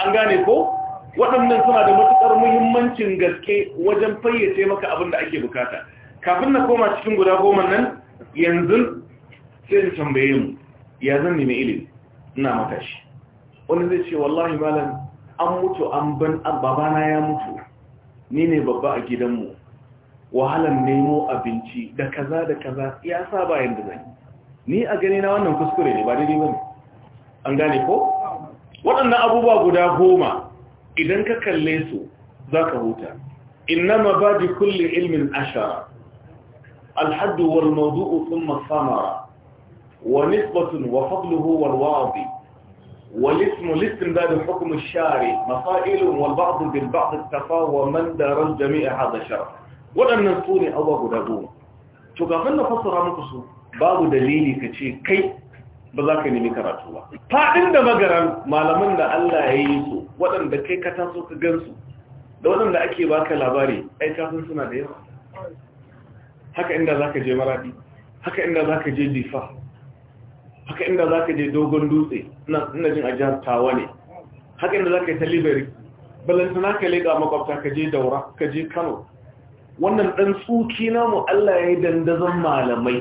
an gane ko waɗannan suna da matuƙar muhimmancin gaske wajen fayyace maka abin da ake bukata kafin na koma cikin guda goma nan yanzu sai da tambaye mu ya zan nemi ilimi ina matashi wani zai ce wallahi malam an mutu an ban babana ya mutu ni ne babba a gidanmu wahalan nemo abinci da kaza da kaza ya saba yanzu zan yi ni a gani na wannan kuskure ne ba daidai ba ne an gane ko waɗannan abubuwa guda goma idan ka kalle su za ka huta inna ma ba da kulle ilmin ashara alhaddu wal mawdu'u thumma samara wa nisbatun wa fadluhu wal wa'di والاسم الاسم ده بحكم الشارع مصائل والبعض بالبعض التفاوى من دار الجميع هذا شرف waɗannan su ne abubuwa guda goma to kafin na fassara muku su babu dalili ka ce kai ba za ka nemi karatu ba faɗin da magaran malaman da Allah ya yi su waɗanda kai ka taso ka gansu da waɗanda ake baka labari ai kafin suna da yawa haka inda za ka je maradi haka inda za ka je difa haka inda za ka je dogon dutse ina jin ajiyar tawa ne haka inda za ka yi talibari balantana ka leƙa makwabta ka je daura ka je kano wannan ɗan tsuki namu Allah ya yi dandazon malamai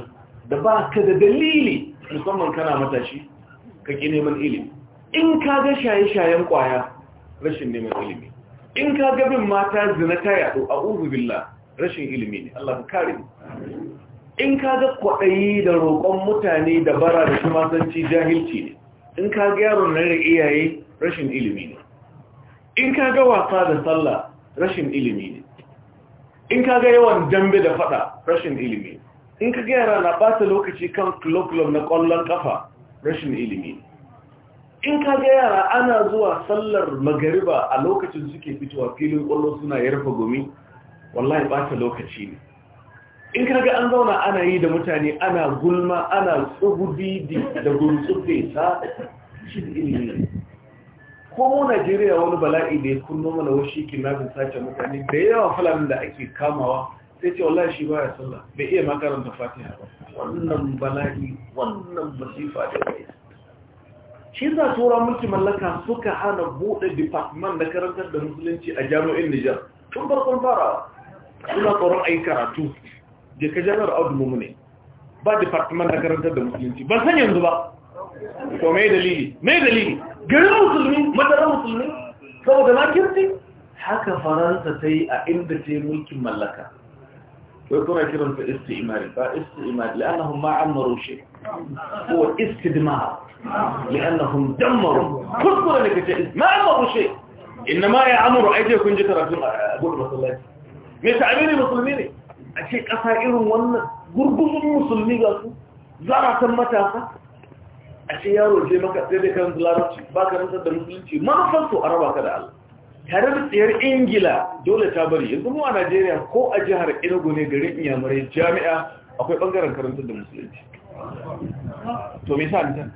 da ba ka da dalili musamman kana matashi ka ƙi neman ilimi in ka ga shaye-shayen ƙwaya rashin neman ilimi in ka ga bin mata zina ta yaɗo a uzubillah rashin ilimi ne Allah ka kare in ka ga kwaɗayi da roƙon mutane da bara da shimasanci jahilci ne in ka ga yaron na da iyaye rashin ilimi ne in ka ga wasa da sallah rashin ilimi ne in ka ga yawan dambe da faɗa rashin ilimi ne in ka ga yara na bata lokaci kan club na ƙwallon ƙafa rashin ilimi in ka ga yara ana zuwa sallar magariba a lokacin suke fitowa filin ƙwallo suna ya rufe gumi wallahi bata lokaci ne in ka ga an zauna ana yi da mutane ana gulma ana tsugubi da gurtsufe sa shi ilimi ko mu Najeriya wani bala'i da ya kunno mana wasu shi kinafin sace mutane da yawa fulanin da ake kamawa sai ce wallahi shi baya sallah bai iya ma karanta fatiha ba wannan bala'i wannan masifa da kai shi za tura mulki mallaka suka hana bude department da karantar da musulunci a jami'in Nijar tun farkon farawa suna tsoron ayi karatu je ka jami'ar Audu Mumune ba department da karantar da musulunci ban san yanzu ba to mai dalili mai dalili garin musulmi madara musulmi saboda na kirti haka faransa ta yi a inda ta yi mulkin mallaka ويكون كده في استئمار فاستئمار لأنهم ما عمروا شيء هو استدمار لأنهم دمروا كل قرى لك ما عمروا شيء إنما يعمروا أيدي يكون جتر أقول رسول الله مش عميني مسلميني أشيء أسائر وانا قرقص المسلمين قالوا زرعة متاسة أشياء يارو جي مكا سيدي كان زلارتي باكا نسد المسلمين ما نفسه أربا كده الله tarurtsiyar ingila dole ta bari yanzu mu a najeriya ko a jihar enugu ne garin iyamurai jami'a akwai bangaren karantar da musulunci to me sa nitan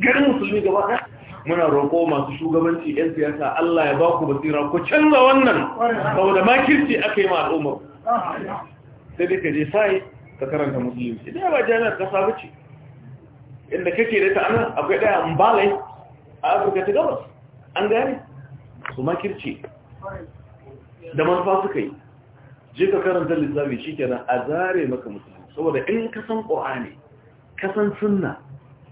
garin musulmi gaba ɗaya muna roƙo masu shugabanci 'yan siyasa allah ya ba ku basira ku canza wannan da makirci aka yi ma al'ummar sai dai ka je sai ka karanta musulunci idan ba jami'ar ka sabu ce inda kake da ta anan akwai ɗaya mbalai a afirka ta gabas an gane su makirci da manufa suka yi je ka karanta lissafi shi ke nan a zare maka musulun saboda in ka san ƙorani, ka san sunna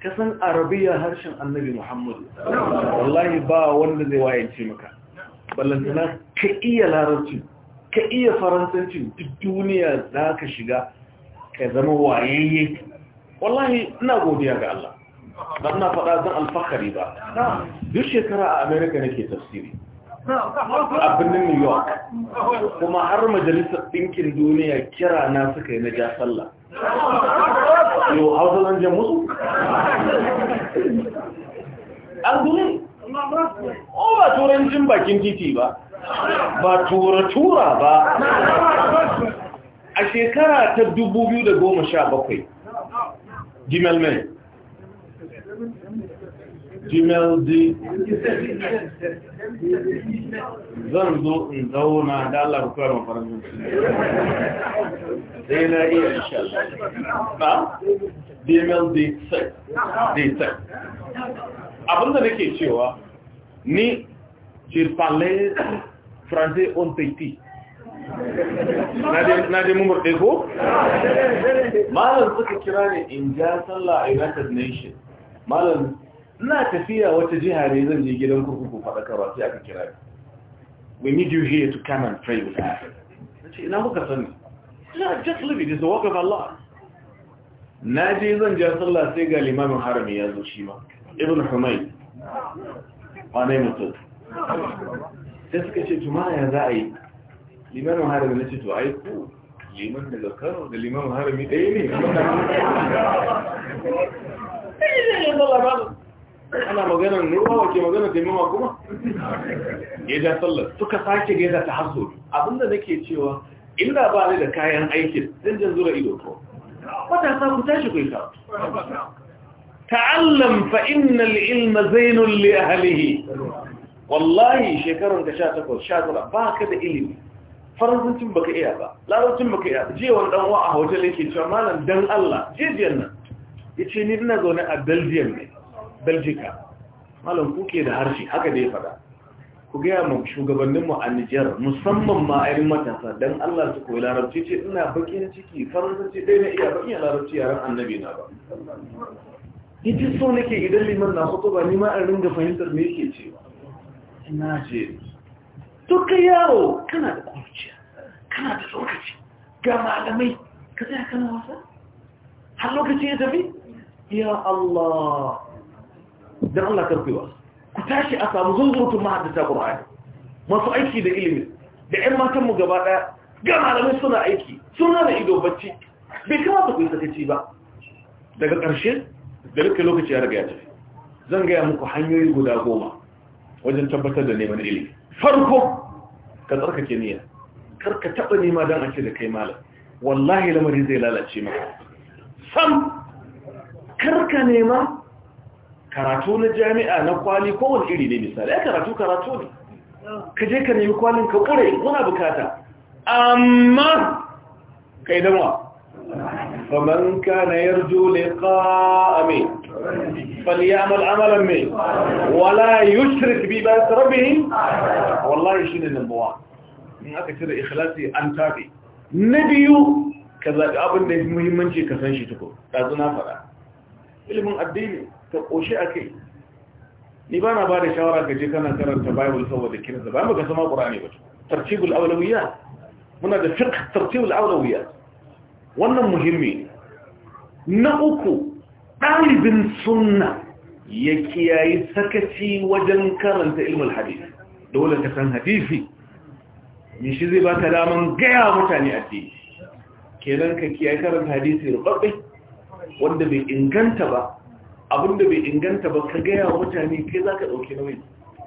ka san arabiya harshen annabi muhammadu wallahi ba wanda zai wayance maka ballantana ka iya larabci ka iya faransanci duk duniya za ka shiga ka zama wayayye wallahi ina godiya ga Allah ba ina faɗa zan alfahari ba duk shekara a amerika nake tafsiri a birnin new york kuma har majalisar ɗinkin duniya kira na suka yi na ja sallah yau hausa zan je musu an duni o ba turancin bakin titi ba ba tura-tura ba a shekara ta 2017 gimelman gmail di zan zo in zauna da Allah ku kawar mafarin sai na iya insha Allah gmail di sai abinda nake cewa ni je parle français on taiti na dai mummur ɗai ko? malar suka kira ne in ja sallah a united nations malar na tafiya wata jiha ne zan je gidan kurkuku faɗakarwa sai aka kira ni we need you here to come and pray with us ina kuka sani na just live it is the work of Allah na je zan ja sallah sai ga limamin harami ya zo shi ma ibn humayd humay ne mutu sai suka ce tuma ya za a yi limamin harami na to ai ku liman da kano da limamin harami ɗaya ne ana maganar ne wa ke maganar taimama kuma ya sallar suka sake gaida ta hazo abinda nake cewa inda ba ni da kayan aikin zan jan zura ido ko matasa ku tashi ku yi ka ta'allam fa innal ilma zainul li ahlihi wallahi shekarun ka 18 19 baka da ilimi faransancin baka iya ba larabcin baka iya je wani dan wa a hotel yake cewa malam dan Allah je jiyan nan yace ni ina zaune a Belgium ne belgica malam kuke da harshe haka dai fada ku gaya mu shugabanninmu a Nijar musamman ma a yi matasa don Allah su koyi larabci ce ina bakin ciki faransanci ɗaya na iya bakin larabci yaran annabi na ba Ita so nake idan liman na hoto ba nima an ringa fahimtar me yake cewa ina ce duka yawo kana da kurciya kana da lokaci ga malamai ka tsaya kana wasa har lokaci ya tafi ya Allah dan Allah karfewa ku tashi a samu zunzurutun mahaddata Qur'ani masu aiki da ilimi. da 'yan mu gaba ɗaya ga malamai suna aiki suna da ido bacci bai kamata ku yi sakaci ba daga ƙarshe da duk lokaci ya riga ya tafi zan gaya muku hanyoyi guda goma wajen tabbatar da neman ilimi farko ka tsarkake niyya kar ka taɓa nema dan a ce da kai malam wallahi lamarin zai lalace maka sam kar ka nema karatu na jami'a na kwali kowane iri ne misali ya karatu karatu ne ka je ka nemi kwalin ka kure muna bukata amma ka yi danwa faman ka na yarjo liƙa ame فليعمل عملا bi ba يشرك rabi? Wallahi shi ne النبوة in aka cire ikhlasi an tabe na biyu ka zaɓi abin da muhimmanci ka san shi tuko ɗazu na faɗa ilimin addini ka ƙoshi a kai ni ba na ba da shawara ka je kana karanta bible saboda kiransa ba mu ga sama ƙura'ani ba tartibul awlawiyya muna da fiqh tartibul awlawiyya wannan muhimmi na uku ɗalibin sunna ya kiyayi sakaci wajen karanta ilmul hadisi dole ka san hadisi me shi zai baka daman gaya mutane addini kenan ka kiyaye karanta hadisi rubabbe wanda bai inganta ba abinda bai inganta ba ka gaya wa mutane kai za ka ɗauki nauyi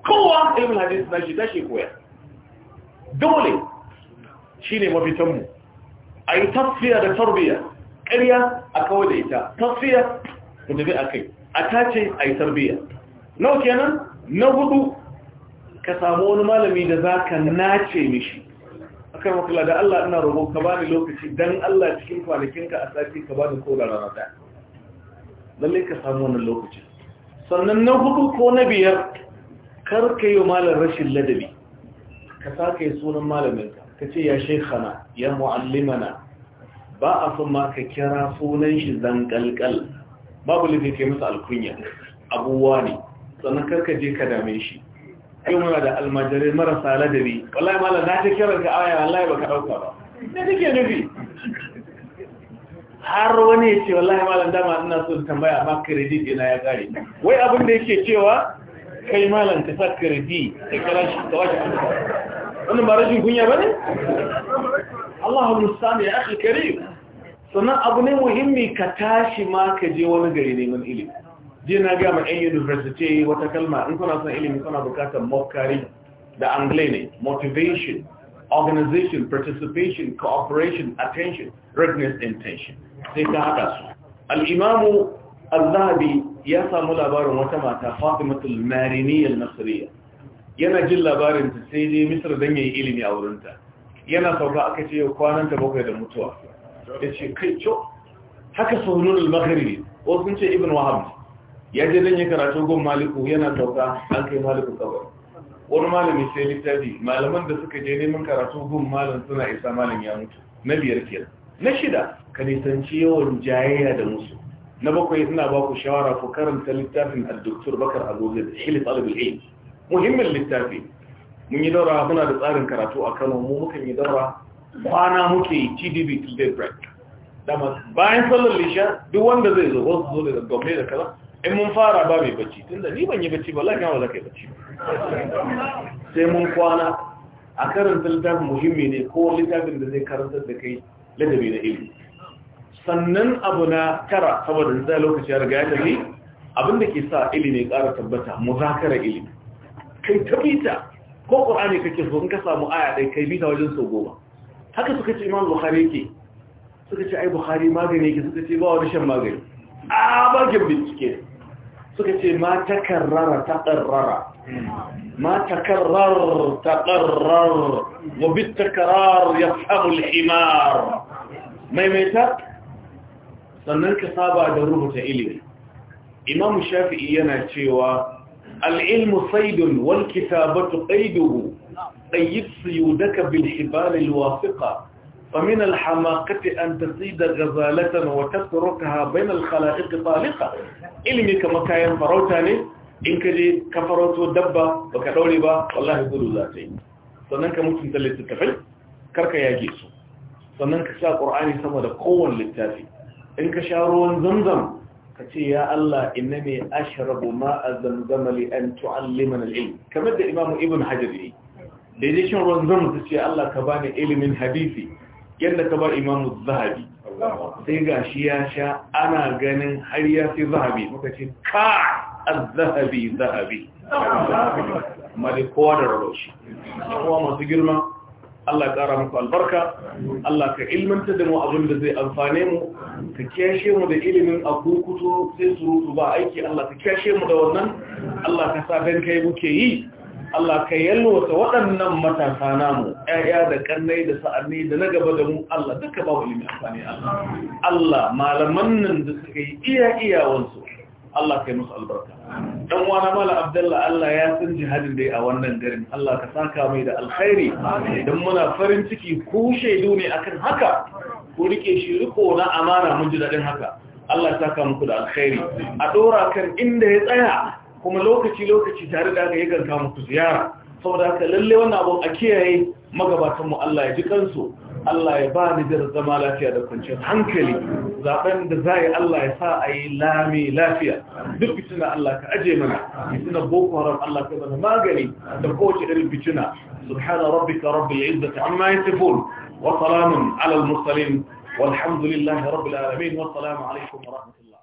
kowa ilmin hadis na shi tashi koya dole shi ne mafitanmu a yi tafiya da tarbiya ƙarya a kawai da ita tafiya ku tafi a kai a tace a yi tarbiya nau kenan na hudu ka samu wani malami da za ka nace mishi akan makula da Allah ina roƙo ka bani lokaci dan Allah cikin kwanakinka a sati ka bani ko da rana ɗaya lalle ka samu wannan lokacin sannan na hudu ko na biyar kar ka yi malar rashin ladabi ka saka yi sunan malaminka ka ce ya shekhana ya mu'allimana ba a fi ma ka kira sunan shi kalkal babu lafi ke masa alkunya Abuwa ne sannan karka je ka dame shi yau muna da almajirai marasa ladabi wallahi malar na ta kira ka aya wallahi ba ka ɗauka ba na take nufi har wani ya ce wallahi malam dama ina so tambaya amma credit yana ya gare wai abin da yake cewa kai malam ka sa credit ka kira shi ka wace wannan ba rashin kunya bane Allahu musta'an ya akhi karim sannan abu ne muhimmi ka tashi ma ka je wani gari neman ilimi je na ga ma ɗan university wata kalma in kuna son ilimi kuna bukatar mokari. da angle ne motivation organization, participation, cooperation, attention, readiness, intention. Sai ta haɗa su. Al'imamu al-Zahabi ya samu labarin wata mata Fatimatul Mariniyar Nasiriya. Yana jin labarin ta sai dai Misir don yi ilimi a wurinta. Yana sauka aka ce kwanan bakwai da mutuwa. Ya ce, kai co, haka saunin al-Magharibi, wasu ce Ibn Wahab. Ya je don yi karatu gun Maliku yana sauka an kai Maliku kawai. wani malami sai littafi malaman da suka je neman karatu gun malam suna isa malam ya mutu na biyar kenan na shida ka nisanci yawan jayayya da musu na bakwai ina ba ku shawara ku karanta littafin al-doktor bakar abubuwa da hilif al-bil'in muhimmin littafi mun yi daura muna da tsarin karatu a kano mu mukan yi daura kwana muke yi tdb to day break dama bayan sallar lisha duk wanda zai zo wasu zo da gombe da kaza in mun fara ba mai bacci tunda ni ban yi bacci ba lafiya ba ka yi bacci sai mun kwana a karanta littafin muhimmi ne ko littafin da zai karanta da kai ladabi na ilimi sannan abu na tara saboda zai lokaci ya riga ya tafi abinda ke sa ilimi ƙara tabbata mu zakara ilimi kai tabita ko ƙur'ani kake so in ka samu aya ɗai kai bita wajen sau goma haka suka ce imam bukhari ke suka ce ai bukhari magani ke suka ce ba wani shan magani a ke bincike suka ce ma ta takarrara ma ta karrar wa bit takarar ya al-himar maimaita sannan ka saba da rubuta ilimi imam shafi'i yana cewa al-ilmu saydun wal kitabatu qayduhu qayyid suyudaka bil hibal al فمن الحماقة أن تصيد غزالة وتتركها بين الخلائق طالقة إلمي كما كاين فروتاني إن كجي كفروتو دبا وكدولي با والله يقول الله تين سننك ممكن تلت التفل كركا ياجيسو سننك شاء قرآني سمد قوة للتافي إنك شارون زمزم كتي يا الله إنني أشرب ماء زمزم لأن تعلمنا العلم كما الإمام ابن حجري ليجيشن رون زمزم تتي الله كباني علم حديثي yadda ka bar imamu zahabi sai ga shi ya sha ana ganin har ya fi zahabi muka ce ka a zahabi zahabi malikowa da raroshi kowa masu girma Allah ƙara muku albarka Allah ka ilmanta da mu abin da zai amfane mu ka kyashe mu da ilimin akukuto sai surutu ba aiki Allah ka kyashe mu da wannan Allah ka sa dan kai muke yi Allah ka yalwata waɗannan matasa namu Yaya da kannai da sa'anni da na gaba da mu Allah duka ba wani amfani Allah Allah malaman nan da suka yi iya iyawansu Allah ka yi musu albarka dan uwana mala Abdullah Allah ya san jihadin da ya a wannan garin Allah ka saka mai da alkhairi dan muna farin ciki ku shaidu ne akan haka ku rike shi riko na amana mun ji daɗin haka Allah ya saka muku da alkhairi a dora kan inda ya tsaya kuma lokaci-lokaci tare da aka yi ganka ku ziyara saboda haka lalle wannan abun a kiyaye magabatanmu Allah ya ji kansu Allah ya ba ni da zama lafiya da kwanciyar hankali zaben da za yi Allah ya sa a yi lami lafiya duk bituna Allah ka aje mana bituna boko haram Allah ka zama magani da kowace irin bituna subhana rabbika rabbil izzati amma yasifun wa salamun ala al mursalin walhamdulillahi rabbil alamin wa assalamu alaikum wa rahmatullah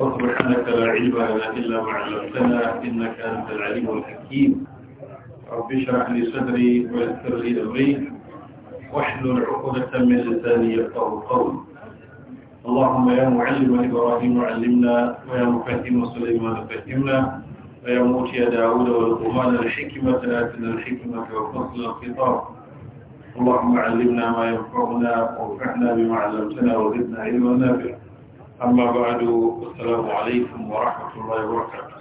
وسبحانك لا علم لنا إلا ما علمتنا إنك أنت العليم الحكيم رب اشرح لي صدري ويسر لي أمري واحلل عقدة من لساني يفقه قولي اللهم يا معلم إبراهيم علمنا ويا مفهم سليمان فهمنا ويا موتي يا داود والقرآن الحكمة آتنا الحكمة وفصل الخطاب اللهم علمنا ما ينفعنا وانفعنا بما علمتنا وزدنا علما نافعا amma ba'du assalamu alaikum wa rahmatullahi wa barakatuh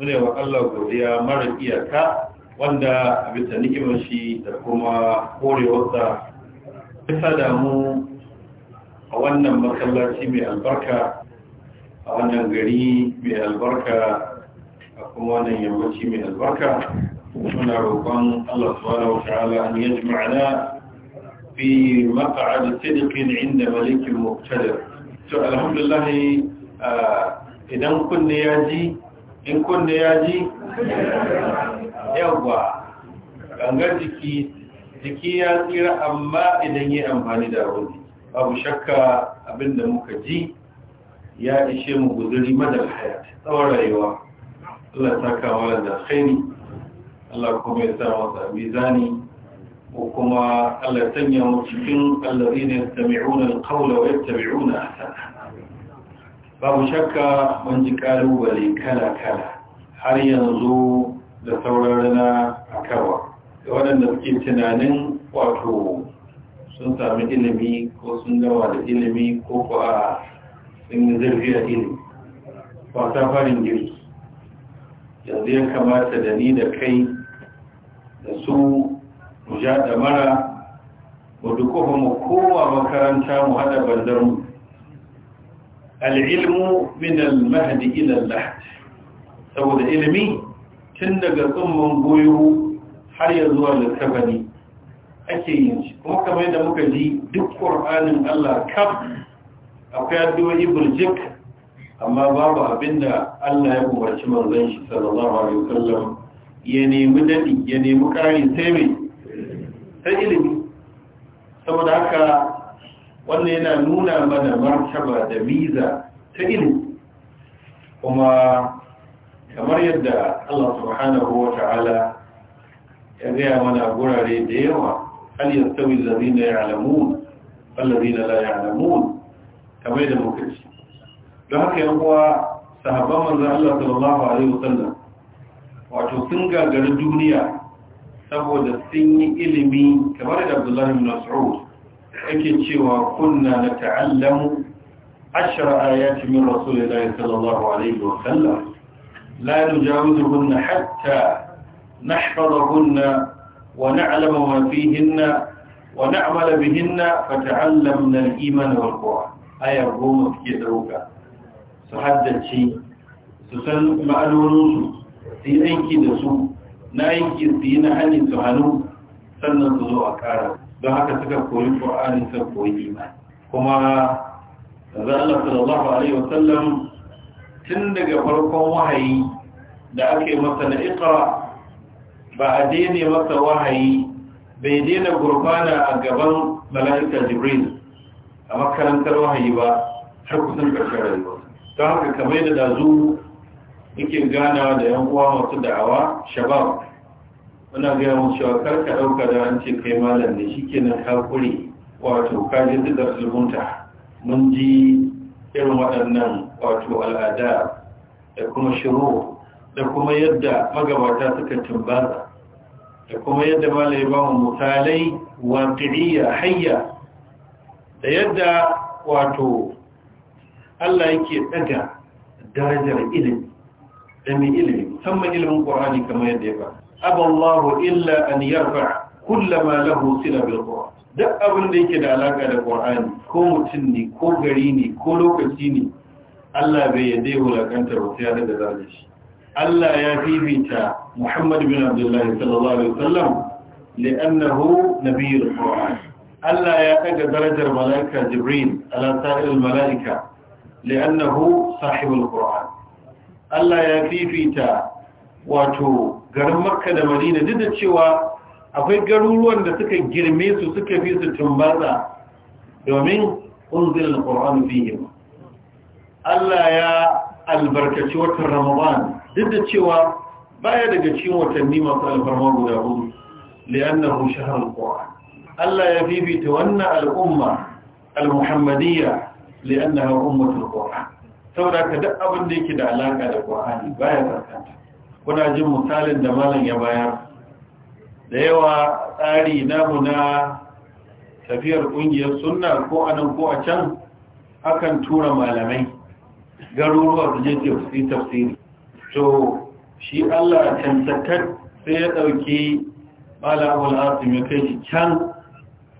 mune wa Allah godiya mara iyaka wanda bisa ni'imar shi da kuma korewarsa bisa da mu a wannan masallaci mai albarka a wannan gari mai albarka a kuma wannan yammaci mai albarka muna roƙon Allah subhanahu wa ta'ala an yajma'ana fi maq'ad sidqin 'inda malikin muqtadir to alhamdulillah uh, idan kunne ya ji in kunne ya ji yawwa gangar jiki jiki ya tsira amma idan yi amfani da wani babu shakka abinda muka ji ya ishe mu guzuri madal hayat tsawon rayuwa Allah ta kawo da khairi Allah kuma ya sa masa zani وكما ألا تنيا متكين الذين يتبعون القول ويتبعون أحسنه babu shakka mun ji kalubale kala-kala har yanzu da sauran rana a kawa da waɗanda suke tunanin wato sun sami ilimi ko sun gama da ilimi ko kuwa sun yi zurfi a ilimi ba farin girki yanzu ya kamata da ni da kai da su mu da mara mu dukufa mu kowa makaranta mu hada bandar mu al'ilmu min al-mahdi ila saboda ilimi tun daga tsumman goyo har ya zuwa littafani ake yin shi kuma kamar yadda muka ji duk ƙur'anin Allah kaf akwai addu'o'i burjik amma babu abinda Allah ya umarci manzon shi sallallahu alaihi wasallam ya nemi dadi ya nemi ƙari sai ta ilimi saboda haka wannan yana nuna mana martaba da miza ta ilimi kuma kamar yadda Allah subhanahu wa ta'ala ya gaya mana gurare da yawa hal yastawi allazina ya'lamun allazina la ya'lamun kamar da muka don haka yan kuwa sahabban manzon Allah sallallahu alaihi wasallam wato sun gagari duniya saboda sun yi ilimi kamar da abdullahi bin mas'ud yake cewa kunna na ta'allamu ashra ayati min rasulillahi sallallahu alaihi wa sallam la nujawizuhunna hatta nahfazahunna wa na'lamu ma fihinna wa na'mal bihinna fata'allamna na iman wal qur'an aya goma take dauka su haddace su san ma'anoninsu su yi aiki da su na aiki su yi na hannun su hannu sannan su zo a ƙara don haka suka koyi ƙwa'ani suka koyi iman. kuma zan Allah sallallahu alaihi wasallam tun daga farkon wahayi da ake masa na ikra ba a daina masa wahayi bai daina gurfana a gaban mala'ika jibril a makarantar wahayi ba har kusan ƙarshen rayuwa ta haka kamar da dazu yake ganawa da yan uwa masu da'awa shabab muna gaya mu cewa kar ka ɗauka da an ce kai malam ne shi kenan nan haƙuri wato kaji zidar zubunta mun ji irin waɗannan wato al'ada da kuma shiro da kuma yadda magabata suka tumbaza da kuma yadda malai ba mu wa waƙiriya hayya da yadda wato Allah yake ɗaga darajar ilimi da mai ilimi musamman ilimin ƙorani kamar yadda ya ba aballahu illa an yarfa kullama lahu sila bil qur'an duk abin da yake da alaƙa da ƙorani, ko mutum ne ko gari ne ko lokaci ne Allah bai yadda ya wulakanta ba sai ya da zalim shi Allah ya fifita Muhammad bin Abdullahi sallallahu alaihi wasallam li'annahu nabiyul qur'an Allah ya ɗaga darajar malaika Jibril ala sa'il malaika li'annahu sahibul qur'an Allah ya fifita wato garin makka da madina duk da cewa akwai garuruwan da suka girme su suka fi su tumbaza domin unzil alquran fihim Allah ya albarkaci watan ramadan duk da cewa baya daga cikin watanni masu alfarma guda hudu li'annahu shahr alquran Allah ya fifita wannan al'umma al-muhammadiyya li'annaha ummatul quran saboda ka duk abin da yake da alaka da Qur'ani baya barkanta kuna jin misalin da malam ya bayar da yawa tsari namu na tafiyar ƙungiyar sunna ko anan ko a can akan tura malamai garuruwa su je tafsiri tafsiri to shi Allah tantakar sai ya dauki malamul asim ya kai shi can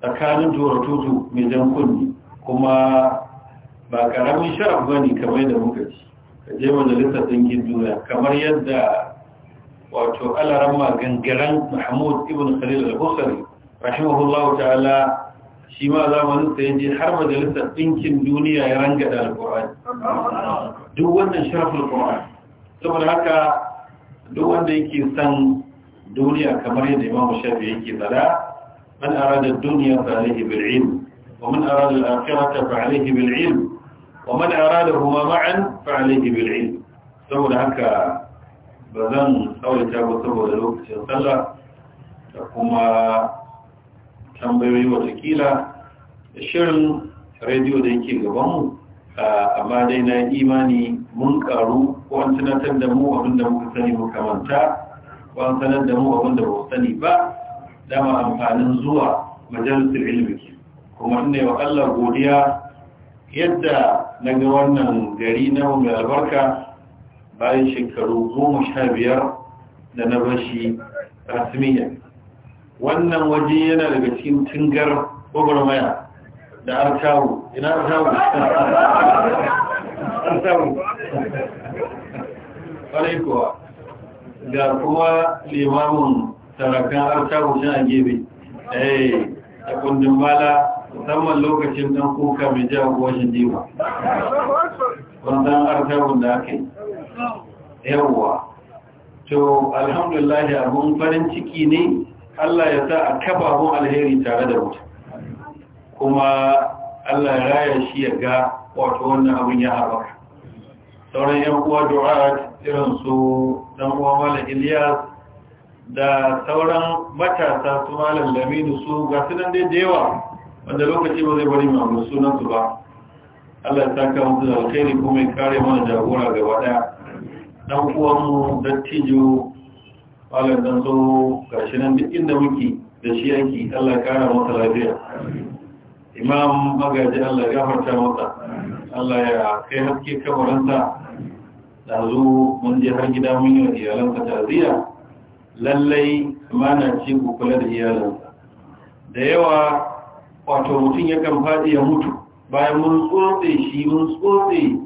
tsakanin tutu mai jan kuma ba karamin sharaf ba ne kamar yadda muka ci ka je majalisar ɗinkin duniya kamar yadda wato alarama gangaren mahmud ibn khalil al-bukhari rahimahullahu ta'ala shi ma zamanin sa yaje har majalisar ɗinkin duniya ya ranga da alƙur'ani duk wannan sharafin alƙur'ani saboda haka duk wanda yake san duniya kamar yadda imam shafi yake tsada man arada duniya fa alayhi bil ilm wa man arada al-akhirata fa alayhi bil ilm wa man aradahuma ma'an fa alayhi bil ilm saboda haka ba zan tsawaita ba saboda lokacin sallah da kuma tambayoyi watakila da shirin rediyo da yake mu. amma dai na imani mun karu ko an sanar da mu abinda muka sani muka manta ko an sanar da mu abinda ba sani ba dama amfanin zuwa majalisar ilimi. kuma ina wa Allah godiya yadda na ga wannan gari na mai albarka bayan shekaru goma sha biyar da na bashi rasmiya wannan waje yana daga cikin tungar gwagwarmaya da artawu ina artawu <laughs> artawu ƙwarai kuwa ga kuma limamin sarakan artawu shan a gebe eh a kundin mala musamman lokacin ɗan kuka mai ja goshin jiwa wanzan arzikin da ake yawwa to alhamdulillah abun farin ciki ne Allah ya sa a kafa alheri tare da mutum kuma Allah ya raya shi ya ga wato wannan abin ya haɓaka sauran yan uwa du'a irin su dan uwa malam Iliyas da sauran matasa su malam Laminu su ga su nan dai da yawa wanda lokaci ba zai bari mamu sunansu ba Allah ta kawo su da alkhairi kuma ya kare mana jagora gaba wada dan uwanmu dattijo Allah dan zo gashi duk inda muke da shi yake Allah kara masa lafiya imam magaji Allah farta masa Allah ya kai haske kamaransa. da zo mun je har gida mun yi wa iyalansa ta'aziyya lallai mana ci ku kula da iyalansa da yawa wato mutum ya kan faɗi ya mutu bayan mun tsotse shi mun tsotse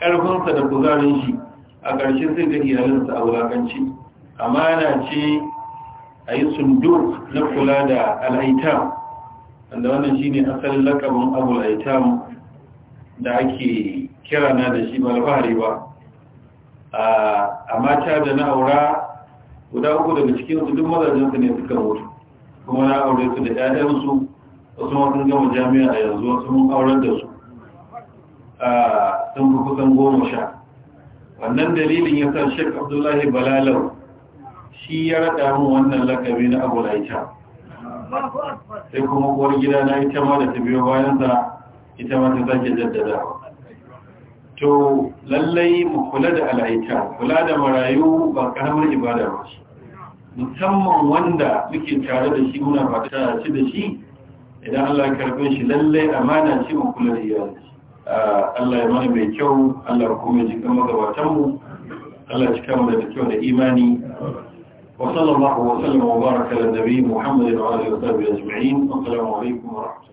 ƙarfinsa da kuzarin shi a ƙarshen sai ga iyalinsa a wulaƙanci amana ce a yi sunduk na kula da al'aitam wanda wannan shi ne asalin lakabin abu al'aitam da ake kira na da shi ba ba a mata da na aura guda uku daga cikin su duk mazajinsu ne suka mutu kuma na aure su da 'ya'yansu wasu ma sun gama jami'a a yanzu wasu mun auren da su a sun fi kusan goma sha wannan dalilin ya sa shek abdullahi balalau shi ya raɗa mun wannan lakabi na abu laita sai kuma uwar gida na ita ma da ta biyo bayan bayansa ita ma ta sake jaddada to lallai mu kula da alaita kula da marayu ba karamar ibada ba musamman wanda muke tare da shi muna ba ta ci da shi idan Allah ya karbe shi lallai amana ce mu kula da iyali ah, Allah ya mana mai kyau Allah ya kuma ji kan magabatan mu Allah ya cika mu da kyau da imani wa sallallahu wa sallama wa baraka ala nabiyyi Muhammad wa alihi wa sahbihi ajma'in assalamu alaikum wa rahmatullahi